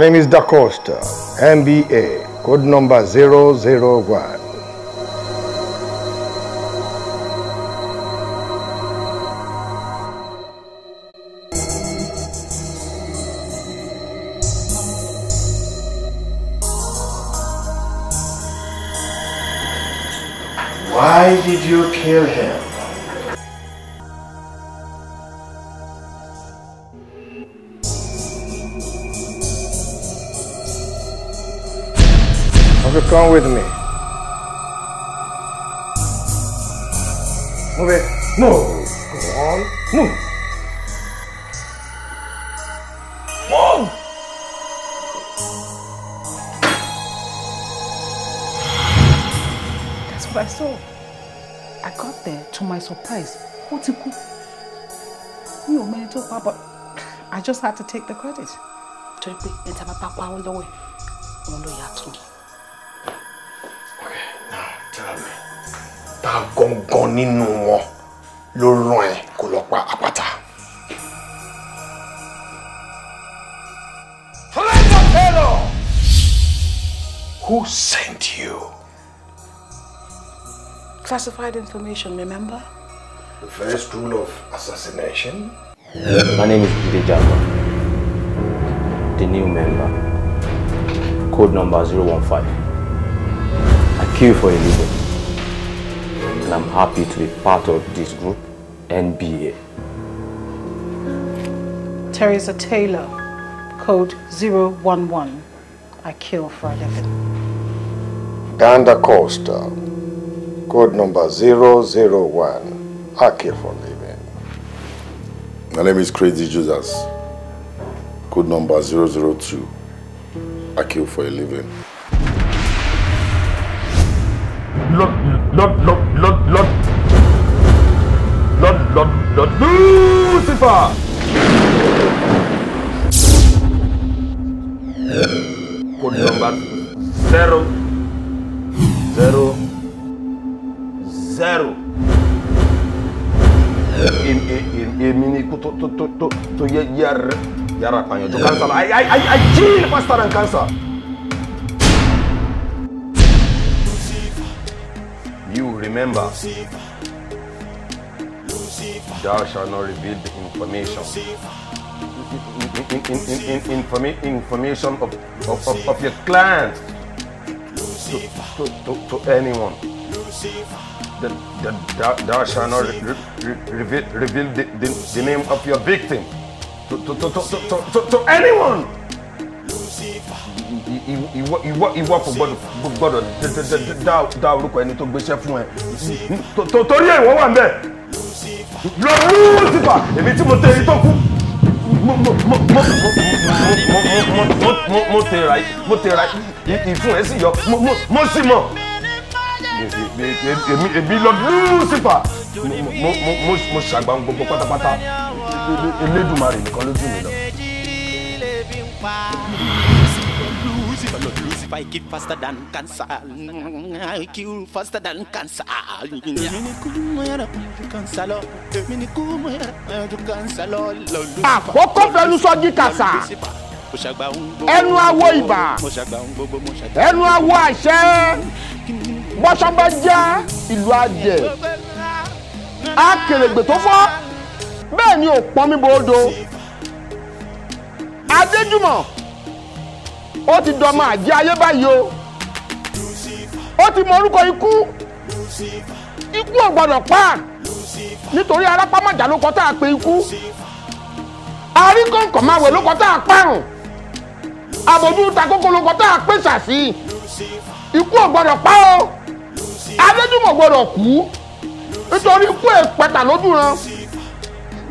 My
name is Da Costa, MBA, code number 001.
Why did you kill him?
just had to take the credit. torí pé ẹni tí a bá bá pawó lọ́wọ́ ẹ̀ òun ló yàtọ̀. okay
now tell me ta gangan nínú wọn ló rán ẹ kó lọ pa àpáta. Florence Taylor who sent you.
classified information remember.
the first rule of assassination.
My name is Jide Jagwa, the new member. Code number 015. I kill for a living. And I'm happy to be part of this group, NBA.
Teresa Taylor, code 011. I kill for a living.
Danda Costa, code number 001. I kill for a living.
My name is Crazy Jesus. Code number 002. I kill for a living.
Lord, Lord, Lord, Lord, Lord. Lord, Lord, Lord, Lucifer! Code number 0 to yayyar yara panyo to cancer. I, I, I, I kill faster than cancer. You remember. Thou shalt not reveal the information. In, in, in, information of, of, of, of your client to, to, to, to anyone. The, the, thou, thou shalt not re, re, reveal, reveal the, the, the name of your victim. to to to to to to to anyone. ìwọ ìwọ ìwọ kò gbọ́dọ̀ gbọ́dọ̀ dá orúkọ ẹni tó gbéṣẹ́ fún ẹ torí ẹ ìwọ wà ń bẹ lọ Lucifer èmi tí mo tẹ èyí tó kú mo tẹ ra mo tẹ ra ìfún ẹ sì yọ mo sì mọ èmi lọ Lucifer mo ṣàgbà gbogbo pátápátá. Elédùmarè nìkan ló jù mí lọ.
If I kill faster than cancer, I kill faster than cancer.
Àkókò fẹnu sọ́jí kàṣà.
Ẹnu awo ibà.
Ẹnu awo àṣẹ. Bọ́sọ̀ já ìlú àjẹ. Akèrègbè tó fọ́ bẹ́ẹ̀ ni ò pọ́n mi bòódo adéjúmọ̀ ó ti dọmọ àjẹ́ ayé báyìí o ó ti mọ orúkọ ikú ikú ò gbọdọ̀ pa nítorí arápámájà ló kọ́ tá a pe ikú àríkọ̀ǹkọ̀ máa wẹ̀ ló kọ́ tá a parùn àbòjú ta kókó ló kọ́ tá a pè sàsì ikú ò gbọdọ̀ pa o adéjúmọ̀ gbọdọ̀ kú nítorí ikú èpẹ̀tà lójú ran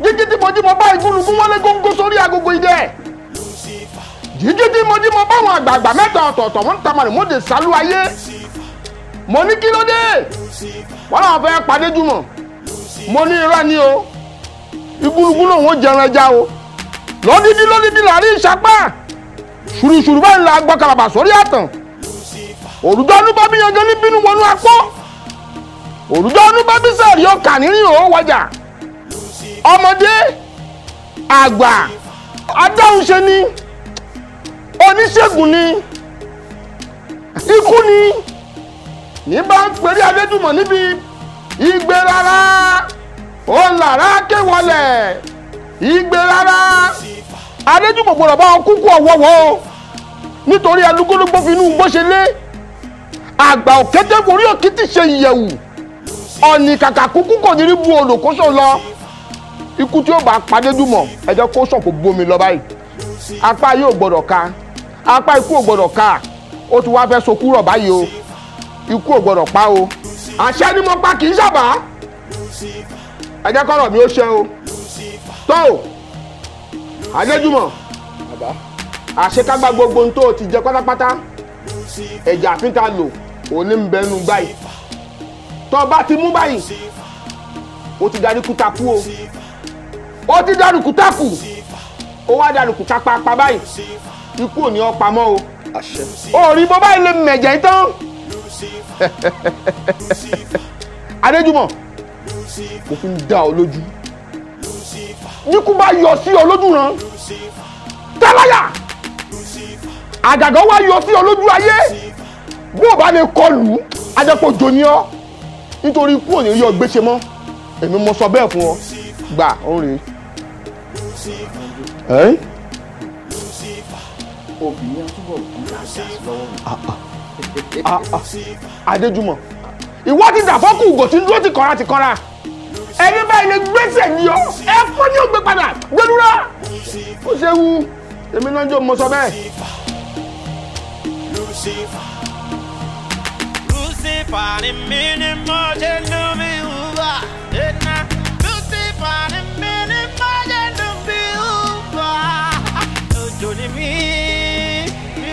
jíjí tí mo jí mo bá igúnnugún wọlé góńgó sórí agogo idẹ jíjí tí mo jí mo bá àwọn àgbààgbà mẹ́ta ọ̀tọ̀ọ̀tọ̀ wọ́n ń ta màrè mọ́dé sálú ayé mo ní kí ló dé wọ́n làwọn fẹ́ pàdé jùmọ̀ mo ní irọ́ ni o igúnnugún lòun ó jẹran ẹja o lódìdí lódìdí làrí ìsapá ṣùrùṣùrù báyìí la gbọ́ kalaba sórí àtàn òrùjọ́ ọdún bá bí yangan ní bínú wọnú apọ́ òrùjọ́ ọdún bá bí sẹ́ẹ̀rí ọkà nírìn òwò wájà ọmọdé àgbà adáhunṣe ni oníṣègùn ni ikú ni ní bá ń pèrè adédùmọ̀ níbi igbe rárá ó làrá kéwọlẹ̀ igbe rárá adédùmọ̀ gbọ́dọ̀ bá kúkú ọ̀wọ́wọ́ nítorí alúgbólógbó finú bó ṣe lé àgbà òkété orí òkìtì ṣe ìyẹ̀wù ọ̀nì kàkà kúkú kò ní rí bu olùkóso lọ ikú tí ó bá padé dùmọ̀ ẹ jẹ́ kó sọ̀kò bómi lọ báyìí apá yóò gbọ́dọ̀ ka apá ikú ò gbọ́dọ̀ ka ó ti wá fẹ́ sokú báyìí o ikú ò gbọ́dọ̀ pa o àṣẹ ni mo pa kì í sábà ẹ jẹ́ kọ́rọ̀ mi ó ṣe o tó adéjúmọ̀ àṣekágbá gbogbo ohun o ti jẹ pátápátá ẹ̀jẹ̀ àfíntà lò òní ń bẹnu báyìí tó o bá ti mú báyìí o ti darí kúta kú o ó ti dárùkù tákù ó wá dárùkù tápápá báyìí ikú ò ní ọ pamọ́ o òòrì bó báyìí lè mẹ̀jẹ̀ yìí tán adéjúmọ̀ mo fi ń dá ọ lójú níkú bá yọ sí ọ lójú ràn tẹ́láyà àgàgà wá yọ sí ọ lójú ayé bó o bá lè kọlù adẹ́pọ̀ jòní ọ nítorí ikú ò ní rí mọ́ èmi mo sọ bẹ́ẹ̀ fún ọ gbà òun rèé ẹ́
obìnrin àtúbọ̀ ah, ah. ah,
Adéjùmọ̀ ìwọ ti dàfọ́kù ugò tí ń dúró ti kọ́ra ti kọ́ra ẹni báyìí ni gbèsè ni ọ ẹ fún ní ògbé padà gbẹdúrà ó ṣe wú èmi náà jó mo sọ bẹ́ẹ̀.
Lucifer ni mí ni mo ṣe lómi wúwa.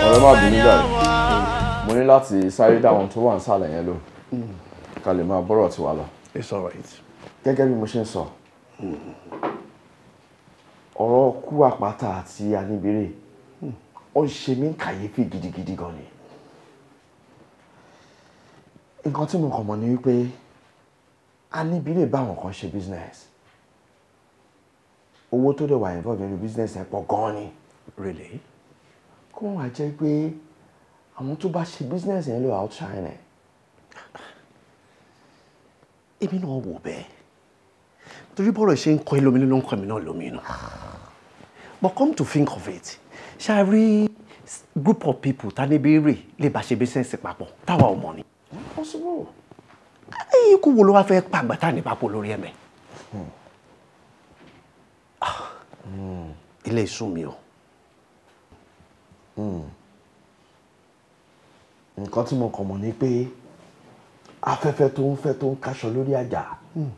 ọ̀rẹ́ má bínú dà mo ní láti sáré dá tó wà nísàlẹ̀ yẹn lò ká lè máa bọ́rọ̀ tiwa lọ. it's alright. gẹ́gẹ́ bí mo ṣe ń sọ
ọ̀rọ̀ kú àpáta àti àníbèrè ó ń ṣe mí
kàyéfì gidigidi gan ni nǹkan tí mo kàn mọ̀ ni wípé àníbèrè báwọn kan ṣe business owó tó dẹ̀ wà involved nínú business ẹ̀ pọ̀ gan ni. really? kó wọn àjẹ́ pé àwọn tó bá ṣe business yẹn ló outshine ẹ̀. èmi náà wò bẹ́ẹ̀ torí bọ́ọ̀rọ̀ ṣe ń kọ́ ẹ ló ń kọ́ mi náà lómi but come to think of it ṣá rí group of people tá níbi rè lè bá ṣe business papọ̀ táwa ò mọ̀ ni. possible. ikú wo ló wá fẹ́ pàgbà tá ní papọ̀ lórí ẹ̀mẹ́. Hmm. Ah, hmm. ilé ìsún mi o. Hmm. nǹkan tí mo kàn mọ̀ ni pé afẹ́fẹ́ tó ń fẹ́ tó ń kaṣọ lórí àjà hmm.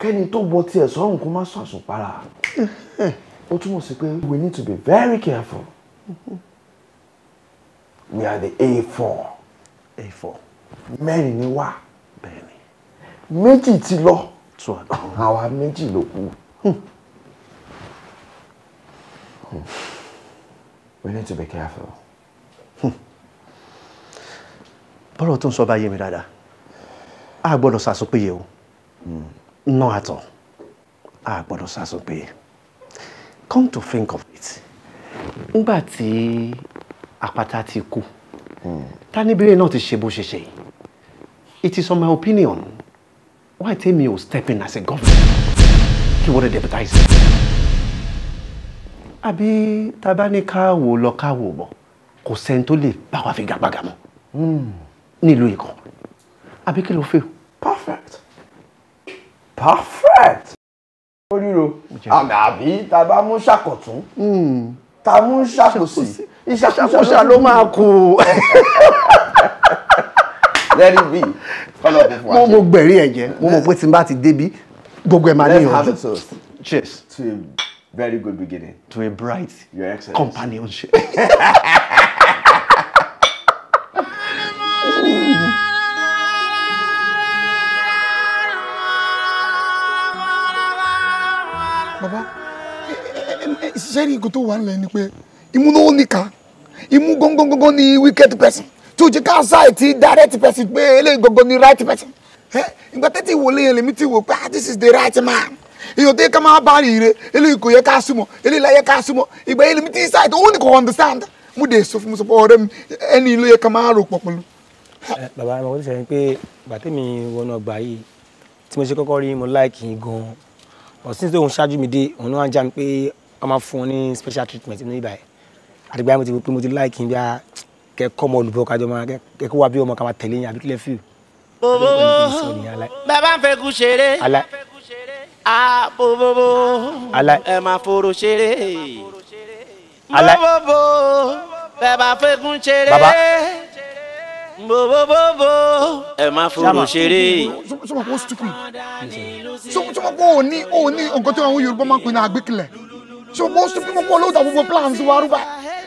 kẹ́ni tó bọ tiẹ̀ sọ́run kó má sọ àsùnpara ó túmọ̀ sí pé we need to be very careful hmm. we are the A4 A4 mẹ́rin ni wá méjì ti lọ àwa méjì ló kù. Hmm we need to be careful. bọ́rọ̀ tó ń sọ bá yé mi dáadáa a gbọ́dọ̀ sàsopéye o hmm. ná àtọ̀ a gbọ́dọ̀ sàsopéye come to think of it ngbà tí àpáta ti kú hmm. táníbèrè náà ti ṣe bó ṣe ṣe it is on my opinion why tell me you step in as a governor kí wọ́n dẹ̀ deputize àbí tá a bá ní káwò lọ káwò bọ̀ kò sẹ́ni tó lè bá wa fi gàgbàgà mọ́ hmm. nílùú ikọ̀ àbí kí ló fẹ́ o. perfect perfect ó àmì àbí tá a bá mú ṣàkọ̀tún hmm. tá a mú ṣàkóso ìṣàkóso ló máa kú lẹ́rí bí kọ́lọ̀ kò fún wa ṣe. mo gbẹ̀rí ẹ̀jẹ̀ mo mọ̀ pé tí n bá ti débi gbogbo ẹ̀ máa ní let's have a toast. cheers. Very good beginning. To a bright Your Excellency. companionship.
Bàbá, ṣé ní ikú tó wà nílẹ̀ ni pé imú ló níka, imú góńgóńgóngó ni wicked person, tí o jẹ́ ká ṣáà ti direct person pé eléyìí góńgó ni right person. Ìgbà tẹ́tí wò léyìn lèmi ti wò pé ah this is the right man èèyàn tó yẹ ká máa bá rìn ire eléyìí kò yẹ ká súnmọ́ eléyìí la yẹ ká súnmọ́ ìgbà yẹn lèmi ti ń ṣàìtọ́ ó ní kò understand mo dé sọ fún mi sọ pé ọ̀rẹ́ mi ẹni ló yẹ ká máa rò pọ̀ pẹ̀lú. bàbá àwọn ọmọdé sẹ́yìn pé bàtẹ́ mi wọnú mo ṣe kọ́kọ́ rí mo láìkì í gan-an ọ̀sìn tó ń ṣáájú mi dé òun náà já mi pé wọ́n máa fún ọ special treatment ní ibà yẹn àdìgbà yẹn mo ti wò pé mo ti láìkì í bí a kẹ́kọ́ ọmọ olùbọ̀ kájọ máa kẹ́kọ́ wá bí ọmọ ká máa tẹ̀lé yẹn àbí kílẹ̀ fíù.
bàbá ń fẹ́ kú ṣeré abobobo ẹ máa foro ṣeré bobobo ẹ máa fẹkún ṣeré bobobo ẹ máa foro ṣeré.
sọ́mọ̀ kò stupid sọ́mọ̀ kò ò ní ò ní nǹkan tí àwọn Yorùbá máa ń pè ní àgbékilẹ̀ sọ́mọ̀ kò stupid mọ̀ pọ̀ lóòótọ́ gbogbo plans wa rúbà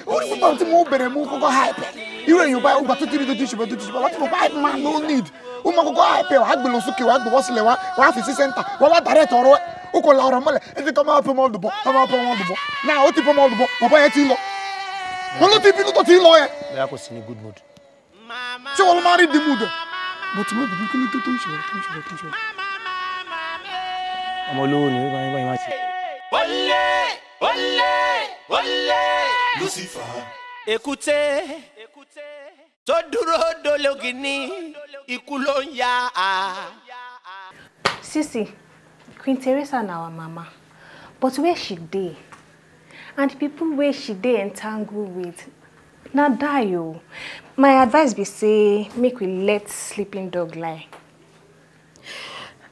ó ní pípa tí mo bẹ̀rẹ̀ mú kọ́kọ́ hype irú èèyàn báyìí ọgbà tó ti rí dojú ìṣùbọ̀ dojú ìṣùbọ̀ wọ́n ti mọ̀ pé àìpẹ́ máa ló need ó mọ kókó àìpẹ́ wàá gbé lọ sókè wàá gbé wọ́sílẹ̀ wàá fi sí sẹ́ńtà wọ́n wá dàrẹ́ tọrọ ẹ̀ ó kò la ọ̀rọ̀ mọ́lẹ̀ ẹni tó máa pẹ́ mọ́ ọ̀dùbọ̀ tó máa pẹ́ mọ́ ọ̀dùbọ̀ náà ó ti pẹ́ mọ́ ọ̀dùbọ̀ bàbá yẹn ti lọ wọn ló ti bínú tó ti lọ yẹn. bẹ́ẹ̀ kò sí ní good mood. ṣé wọn máa rí di mood ẹ̀. mo ti mọ bìbí kí ló dé tó ń ṣòro tó ń ṣòro tó ń ṣòro. ọmọ olówó ni báyìí báyìí máa ti.
wọlé wọlé wọlé Lucifer. èkúté tó dúró dológi ní ikú ló ń ya
a. sisi Queen Teresa na our mama but where she dey and people wey she dey entangle with na die o my advice be say make we let sleeping dog lie.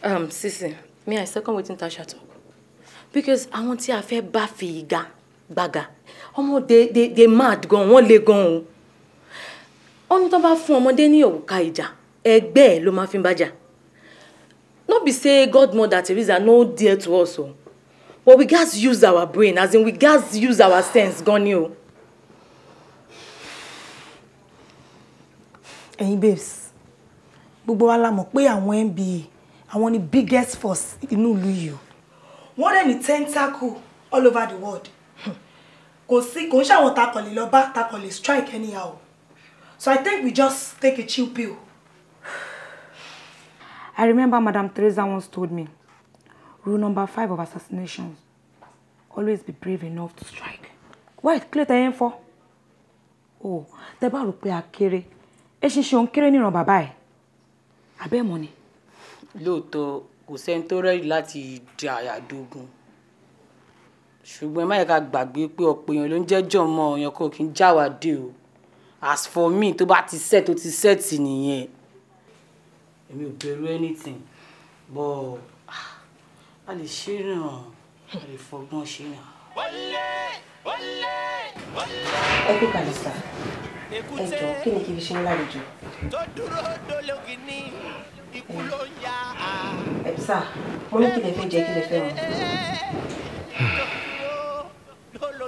Um, sisi me i second wetin Tasha talk because àwọn tí a fẹ́ bá fi ìga gbàgà ọmọ dey dey dey mad gan wọ́n le gan o ó ní tó bá fún ọmọdé ní òrùka ìjà ẹgbẹ́ ẹ̀ ló máa fi ń no be say godmother Teresa no dear to us o but we gats use our brain as in we gats use our sense gan ni o. ẹ̀yin babes gbogbo wa la mọ̀ pé àwọn NBA àwọn ni biggest force inú ìlú yìí o. wọ́n rẹ̀ ní tentacle all over the world kò sí kò ń ṣàwọn takọ̀ lè lọ bá takọ̀ lè strike anyhow So I think we just take a chill pill. I remember Madame Teresa once told me, rule number five of assassinations, always be brave enough to strike. What? clear the info. Oh, the bá rò pé a kéré. Eṣinṣin òun kéré níran bàbá ẹ̀. Abẹ́ mọ̀
ni. Lóòótọ́, kò sẹ́ni tó rẹ́rì láti di àyàdógún. Ṣùgbọ́n ẹ má yẹ ká gbàgbé pé ọ̀pọ̀ èèyàn ló ń jẹ́jọ́ mọ́ ọ̀yàn kò as for me tó bá ti set ó ti set nìyẹn èmi ò bẹ̀rù anything but a lè ṣe náà a lè fọgbọ́n ṣe náà.
ẹ kú kàlẹ́ sá
ẹ kí ni kí n ṣe ń lálejò. tó dúró dológi ní
ikú ló ń ya. ẹ sá mo ní kí lè fẹ́ jẹ kí lè fẹ́ wọn.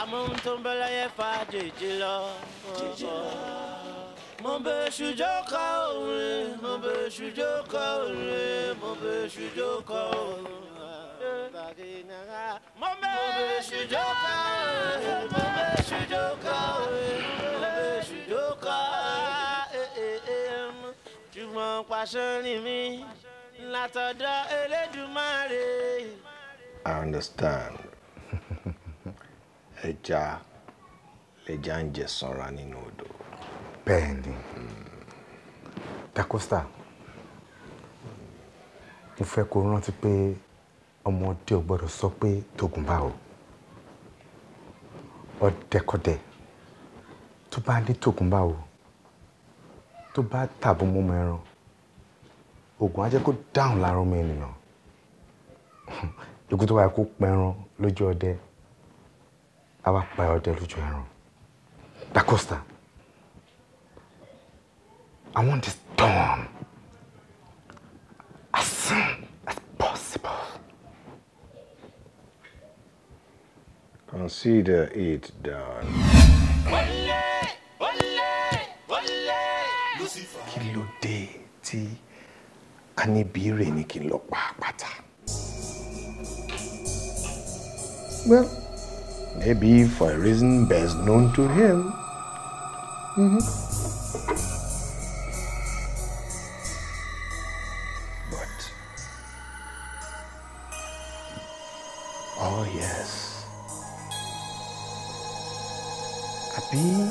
àmọ́ ohun tó ń bẹ láyé fa jèjì lọ. mo bẹ ṣùjọ́ kọ òwe mo bẹ ṣùjọ́ kọ òwe mi látọ̀dọ̀ Elédùmarè.
I understand.
ẹja lẹja ń jẹ sanra nínú odò. bẹ́ẹ̀
ni dakosta mo fẹ́ kó rántí pé ọmọdé ò gbọ́dọ̀ sọ pé tógun bá o ọdẹkọdẹ tó bá ní tógun bá o tó bá tàbí mọ́mọ ẹran oògùn á jẹ́ kó dáhùn lára ọmọ ènìyàn ikú tó bá yẹ kó pẹran lójú ọdẹ a wá pa ọdẹ lójú ẹran Da I want this done as soon as possible.
Consider it done. Wọlé! Wọlé! Wọlé! Kí ló dé tí Káníbírè ní kí n lọ
pa àpáta? Well.
Maybe for a reason best known to him.
Mm-hmm.
But. Oh, yes. Àbí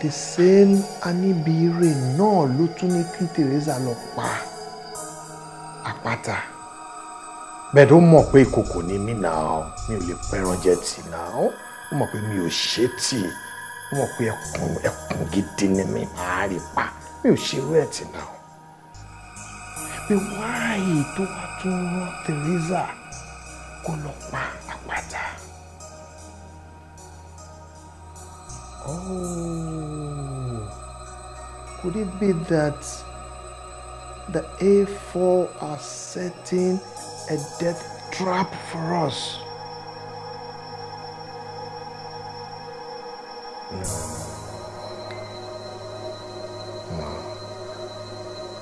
the
same Anibire náà ló tún ní kí Teresa lọ pa
àpáta bẹ́ẹ̀ tó mọ̀ pé ìkòkò ni mí náà mi ò lè pẹran jẹ tì náà ó mọ̀ pé mi ò ṣe tì ó mọ̀ pé ẹkùn ẹkùn gidi ni mi máa rí pa
mi ò ṣe irú tì náà pé wáyé tó wá tún rán Teresa kó lọ pa àpáta.
Oh. could it be that the A4 are setting? a death trap for us.
No. No.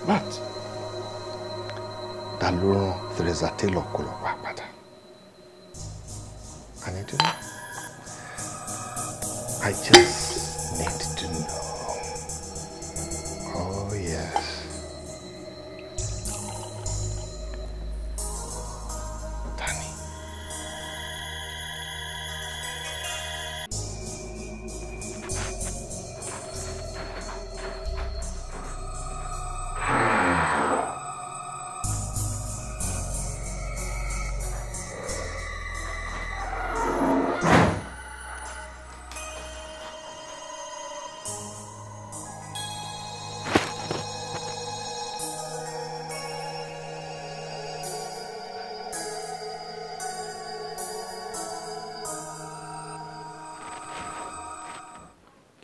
But That ló rán Theresa Taylor kó lọ pa
I need to know. I just need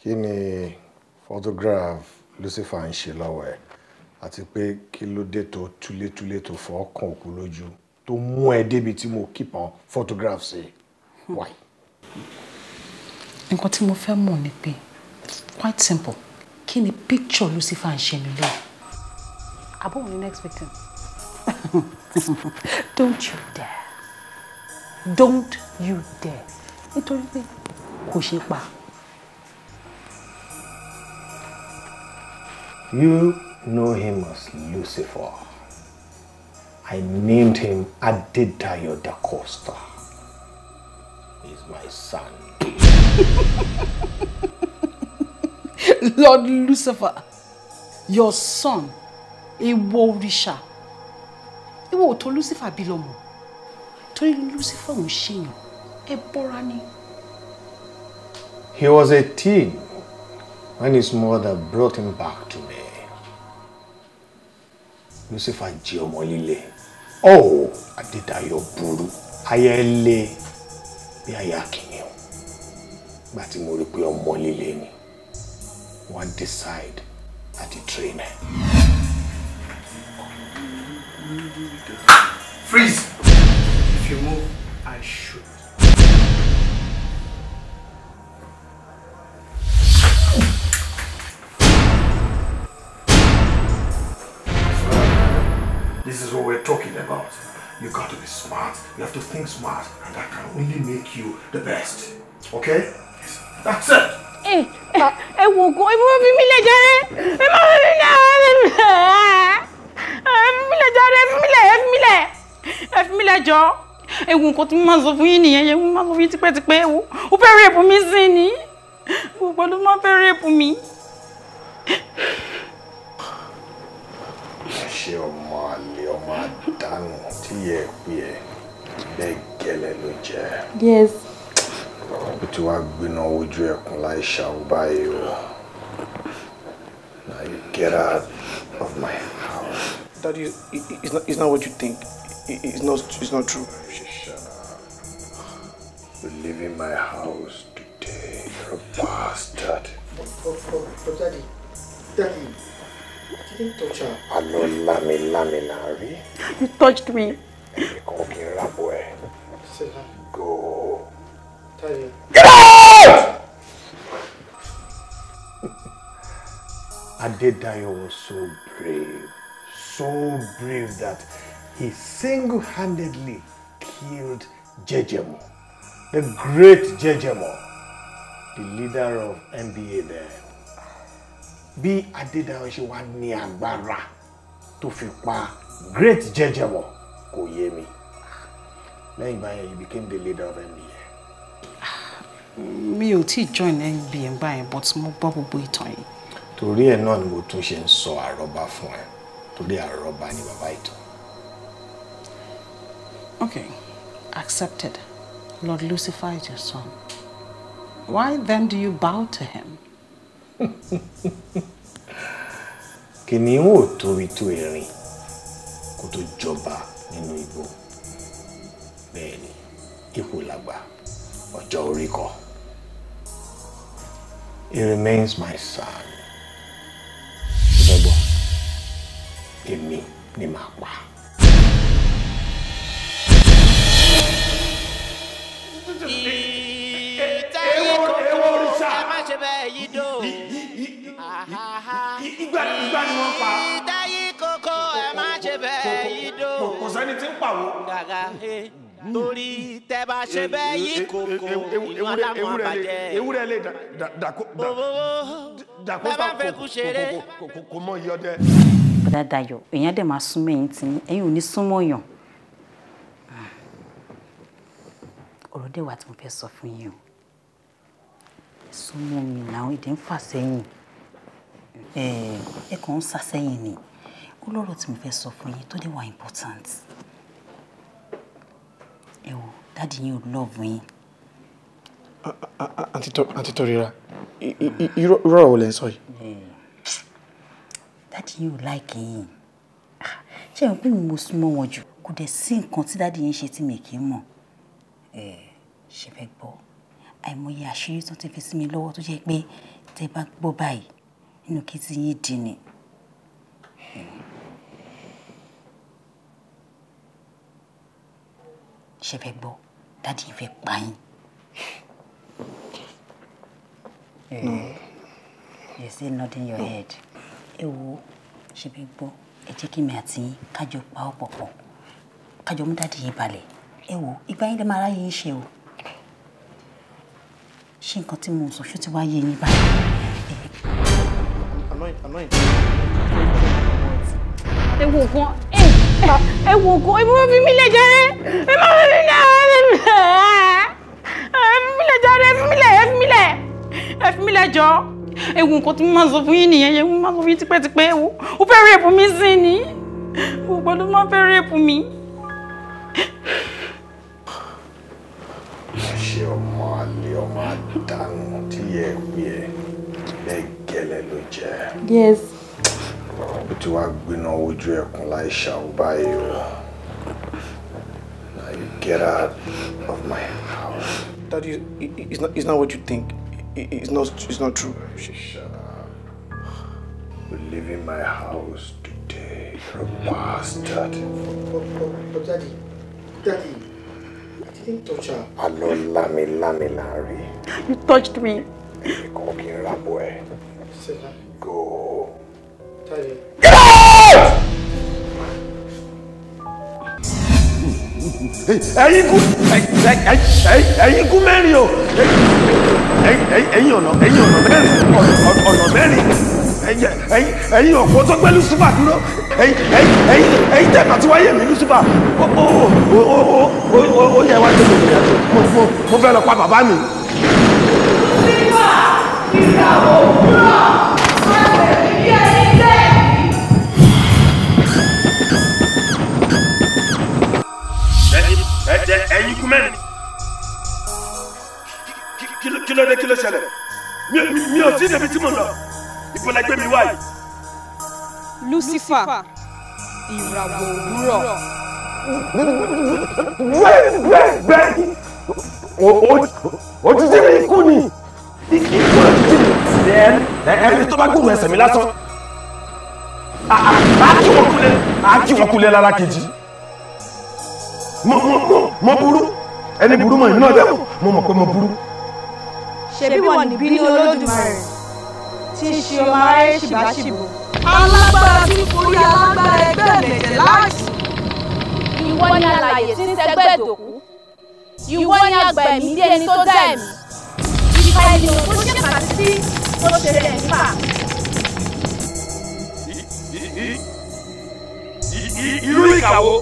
kí ni
photograph Lucifer ń ṣe lọ́wọ́ ẹ̀ àti pé kí ló dé tó túlétúlé tó fọ́ ọkàn òkú lójú tó mú ẹ débi tí mo keep on photograph ṣe
why. nǹkan tí mo fẹ́ mọ̀ ni pé quite simple kí ni picture Lucifer ń ṣe nílé àbúrò ní next victim don't you dare don't you dare nítorí pé kò ṣe pa.
You know him as Lucifer.
I named him Adetayo da Costa.
He's my son. Lord Lucifer, your son, èwo òrìṣà. Èwo tó Lucifer bí lọ́mọ. Torí Lucifer ń ṣèyàn,
He was a teen when
his
mother brought him back to me, Lucifer jẹ́ ọmọ líle. Oh, Adédayọ̀ burú. Aya ẹ lé bí aya kìnìún. Ìgbà tí mo rí pé ọmọ líle ni,
wọ́n decide àti train ẹ̀. Freeze! If you move, I shoot. This is what we're talking about. You got to be smart. You have to think smart, and that can only make you the best. Okay?
That's it. ẹ wò kó ẹ mọ bí mi lè jẹrẹ ẹ mọ bí mi lè ẹ fi mi lè jẹrẹ ẹ fi mi lè ẹ fi mi lè ẹ fi mi eh, lè eh, eh, jọ ẹ wò nǹkan tí mo máa sọ fún yín nìyẹn yẹn mo máa sọ fún yín tipẹ́tipẹ́ ẹ wò ó fẹ́ rèébù mi sí ni gbogbo ló máa fẹ́ rèébù mi.
ẹ ṣe ọmọ dànù tí yẹ pé ẹ gbẹ́gẹ́lẹ́ ló jẹ́. yes.
ó ti wá gbiná ojú ẹkùn láì ṣàwọ̀ báyìí o
now you get out of my house. daddy it's not, it's not what you think it's not, it's not true. You're leaving my house today. You're a bastard.
Oh, oh,
oh, daddy. Daddy. didn't touch her. You
touched me.
Go.
Get out!
Adedayo was so brave, so brave
that he single-handedly killed Jejemo,
the great Jejemo, the leader of NBA there. bí adédáyọ̀ ṣe wá ní agbára tó fi pa great jẹjẹwọ kò yé mi lẹ́yìn ìgbà you became the leader of NBA.
mi ò tí ì join NBA ńgbà but mo gbọ́ gbogbo ìtàn yìí.
torí ẹ̀ náà ni mo tún ṣe ń sọ àrọ́bá fún ẹ torí àrọ́bá ni bàbá ìtàn.
okay accepted Lord Lucifer is your son why then do you bow to him
kìnìún ò tóbi tó erin kó
tó jọba nínú igbó bẹ́ẹ̀ ni ipò làgbà ọjọ́ orí kọ́. He remains my son. Gbogbo, èmi ni màá pa.
Please ewo ewo òrìṣà
ìgbà ìgbà ni wọ́n pa. ìdáyé kókó ẹ má ṣe bẹ́ẹ̀ yí dò. kò sẹ́ni tí ń pàwọ́. gàgà torí tẹ bá ṣe eh, bẹ́ẹ̀ eh, yí eh,
kókó ìwọ làwọn àbàjẹ́. ewúrẹ́ lè dàkó dàkó pa kò mọ iyọ̀ dẹ.
bàdá dayọ̀ èèyàn dẹ̀ máa súnmọ́ ẹ̀yìn tì í ẹ̀yìn ò ní súnmọ́ yàn. Ah. ọ̀rọ̀ dẹ̀ wà tí mo fẹ́ sọ fún yín o súnmọ́ mi náà ìdí ń fà sẹ́yìn ẹ kàn ń sá sẹ́yìn ni ó lọ́rọ̀ tí mo fẹ́ sọ fún yín tó dé wà important ẹ wò dáàdi yín ò lọ́ọ̀bù yín.
àǹtí Torira irú ọ̀rọ̀ wo lẹ ń sọ
yìí. dáàdi yín ò láìkì yín ṣé ẹ pé mo súnmọ́ wọn jù kò dẹ̀ sí nǹkan tí dáàdi yín ṣe tí mi kì í mọ̀ ṣe fẹ́ gbọ́ àìmọye àṣírí tó ti fi sí mi lọ́wọ́ tó jẹ́ pé tẹ́ bá gbọ́ báyìí inú kí ti yín dì ní. ṣe fẹ́ gbọ́ dáàdi yìí fẹ́ pa yín. Eh, you still nodding your head. ẹ wo ṣe fẹ́ gbọ́ ẹ jẹ́ kí mi àti yín kájọ pa ọ́ pọ̀ pọ̀ kájọ mú dáàdi yìí balẹ̀ ẹ wo ìgbà yín lè máa ráyè ń ṣe o ṣé nǹkan tí mo sọ ṣó ti wá yín báyìí. Eh. ẹ wo gan ẹ wo gan ẹ má fi mí lẹ̀ jàre ẹ má fi mí lẹ̀ ẹ fi mí lẹ̀ jàre ẹ fi mí lẹ̀ ẹ fi mí lẹ̀ ẹ fi mí lẹ̀ jọ ẹ wo nǹkan tí mo máa sọ fún yín nìyẹn ẹ wo máa sọ fún yín tipẹ́tipẹ́ ẹ wo ó fẹ́ rèébù mi sí ni gbogbo ló máa fẹ́ rèébù mi. dànù tí yẹ pé ẹ lẹ́gẹ̀lẹ̀ ló jẹ́. yes. ó ti wá
gbiná ojú ẹkùn láì ṣàwọ̀ báyìí
o now you get out of my house. daddy it's not, it's not what you think it's not, it's not true. shut up
you live my house today you're a bastard.
Oh, oh, oh, daddy daddy didn't touch her.
Àlọ́
lámilámi là ń You touched me.
Èmi kan kì í ràbọ̀ ẹ̀.
Go. Get out!
Ẹ̀yin kú ẹ̀yin kú mẹ́rin o. Ẹ̀yin ọ̀nà ẹ̀yin ọ̀nà mẹ́rin ọ̀nà mẹ́rin ẹ̀yin ẹ̀yin ọ̀pọ̀ tó gbé lucifer dúró ẹ̀yin ẹ̀yin ẹ̀yin tẹ̀ màtí wáyé mi lucifer ó ó ó ó ó ó yẹ wá tẹ̀lé mi yàtọ̀ mo mo mo fẹ́ lọ pa bàbá mi.
nígbà nígbà òwúrọ̀ máa bẹ̀rẹ̀ bí ẹni
tẹ́. ẹ̀jẹ̀ ẹ̀yin kú mẹ́rin kí ló dé kí ló ṣẹlẹ̀ mi ò tí ì tí mo lọ ìbọ̀lẹ̀ gbé mi wáyé.
Lucifer ìràwọ̀
òwúrọ̀. bẹ́ẹ̀ bẹ́ẹ̀ bẹ́ẹ̀ òjijì mi kú ni ikú òjijì mi ẹni tó bá gbúròó ẹsẹ̀ mi lásán àjíwọ̀kulẹ̀ àjíwọ̀kulẹ̀ lára kejì mo mo mo mo burú ẹni burú mọ̀ ìnáwó mo mọ̀ pé mo burú.
ṣebí wọn ní bí ní olódùmarè tí í ṣe ọmọ aráyé ṣìbáṣìbò. alágbára tí forí alágbára ẹgbẹ́ mẹ̀jẹ̀ láàṣì. ìwọ ni alàyè tí ń sẹgbẹ́ dòkú. ìwọ ni àgbà ẹ̀mí dé ẹni tó dá ẹ̀mí. ìfà ènìyàn tó ṣe pàtí tó ṣe rẹ̀ nípa.
irú
ìkàwọ́.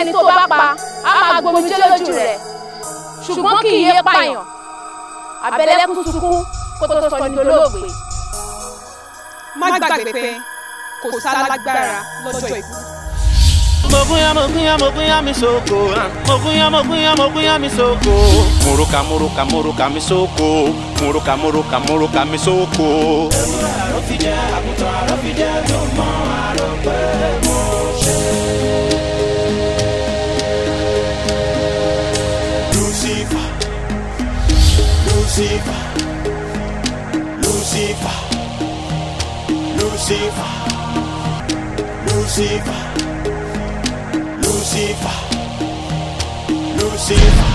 ẹni tó bá pa á máa gbomijé lójú rẹ̀ ṣùgbọ́n kì í yé pààyàn àbẹ̀lẹ́kùn sunkún kó tó sọ ní dolóògbé.
má gbàgbé pé
kò sálágbára lọ́jọ́
ikú.
mo gúnyán mo gúnyán mo gúnyán mi sóko mo gúnyán mo gúnyán mo gúnyán mi sóko.
mùrùkà Muruka, muruka, mi sóko Muruka, muruka, muruka, mi sóko. ewúrẹ́ àròfíjẹ́ àgùntàn àròfíjẹ́ ló mọ àròpé.
Lucifer, Lucifer, Lucifer, Lucifer, Lucifer, Lucifer,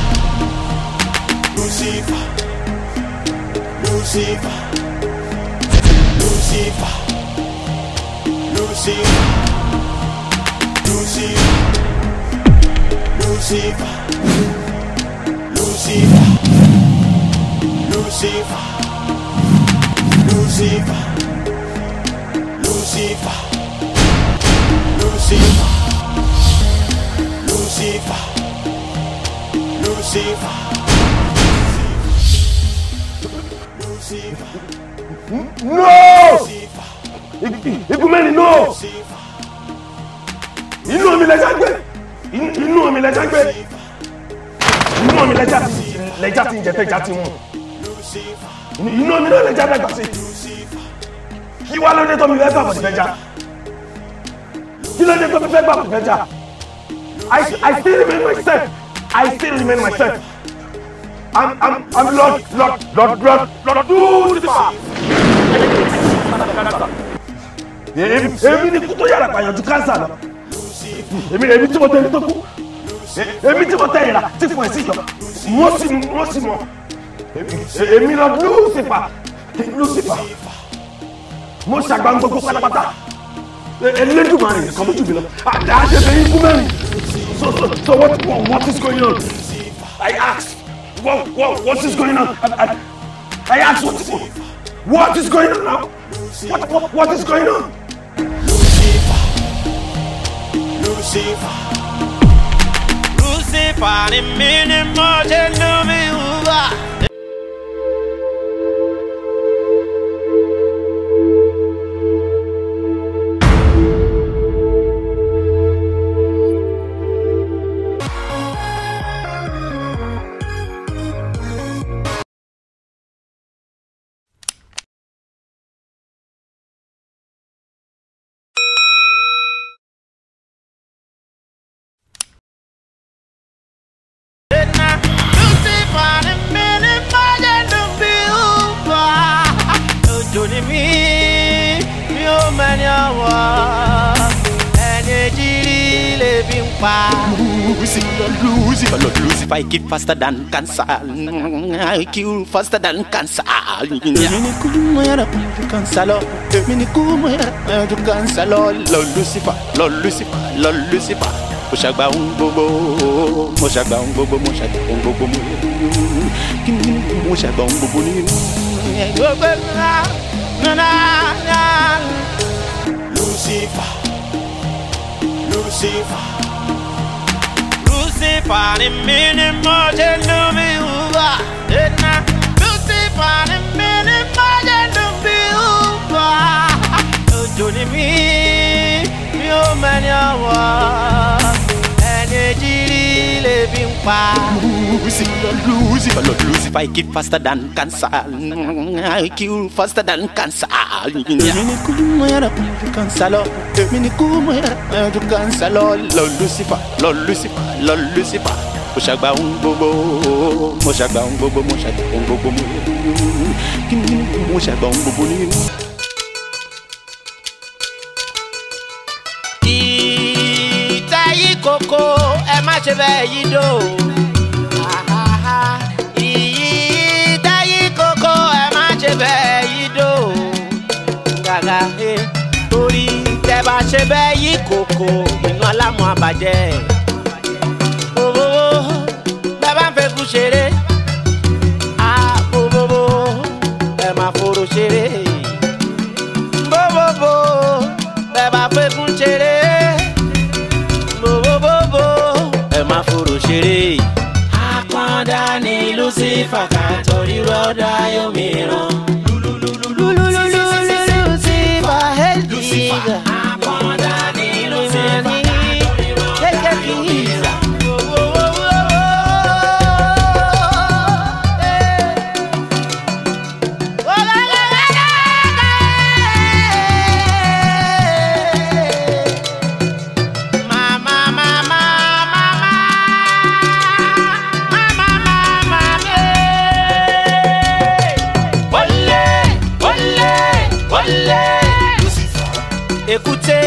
Lucifer, Lucifer, Lucifer, Lucifer, Lucifer, Lucifer, Lucifer. Lucifer, Lucifer, Lucifer, Lucifer, Lucifer, Lucifer, Lucifer. No!
Ikú mẹ́rin no! Inú omi lẹ́jà gbé! Inú omi lẹ́jà gbé! Inú omi lẹ́jà ti ń jẹ tẹ́jà ti mú inú mi náà lè já dàgbà sí kí wá lóde tó mi fẹ́ gbàgbọ́ fẹ́ já kí lóde tó mi fẹ́ gbàgbọ́ fẹ́ já I still remain myself I still remain myself I'm I'm I'm Lord Lord Lord Lord Lord Lucifer. èmi ni kútó yàrá gbàyànjú kánsà lọ èmi èmi tí mo tẹ ẹni tó kú èmi tí mo tẹ ìlà tí fún ẹ sí jọ wọ́n sì wọ́n sì mọ̀ èmi lọ lúùsìpà lúùsìpà mo ṣàgbà gbogbo pátápátá Elédùmarè nìkan mójú mi lọ àdáṣe bẹ ikú mẹ́rin so so so what what is going on I asked what what what is going on I, I, I asked what is what is going on now what what what is going on. Lucifer Lucifer
Lucifer ni mi ni mo ṣe lómi
wúwa.
I kill faster than cancer. I kill faster than cancer. Minicuma era cancelo. Minicuma era cancer Lo Lucifer, lo Lucifer, lo Lucifer. Moshagba un bobo, moshagba un bobo, moshagba un bobo,
moshagba un bobo ni.
Lucifer, Lucifer. Lucifer in mini moje nubi uba Dena Lucifer in mini moje nubi uba Ojo ni mi Mi o meni awa jalebi ń pa. Lose it, lose it, lose it. I kill faster than cancer. I kill faster than cancer. Èmi kú mọ yàrá ju cancer lọ. Èmi kú mọ yàrá ju cancer lọ.
Lọ Lucifer, lọ Lucifer, lọ Lucifer. Mo ṣàgbà um ohun gbogbo, mo ṣàgbà um ohun gbogbo, mo ṣàgbà um ohun gbogbo, mo ṣàgbà ohun gbogbo nínú.
Ìtayí kòkó. ṣe bẹ́ẹ̀ yí dò. ìyí táyí kókó ẹ má ṣe bẹ́ẹ̀ yí dò. gàgà torí tẹ bá ṣe bẹ́ẹ̀ yí kókó inú alámọ̀ àbàjẹ́. bòbò bẹ́ẹ̀ bá ń fẹ́ kú ṣeré. àbòbò ẹ má fòrò ṣeré. torí fàkà torí rọ́dà yóò mìíràn. lululululu lucifer help me. escuché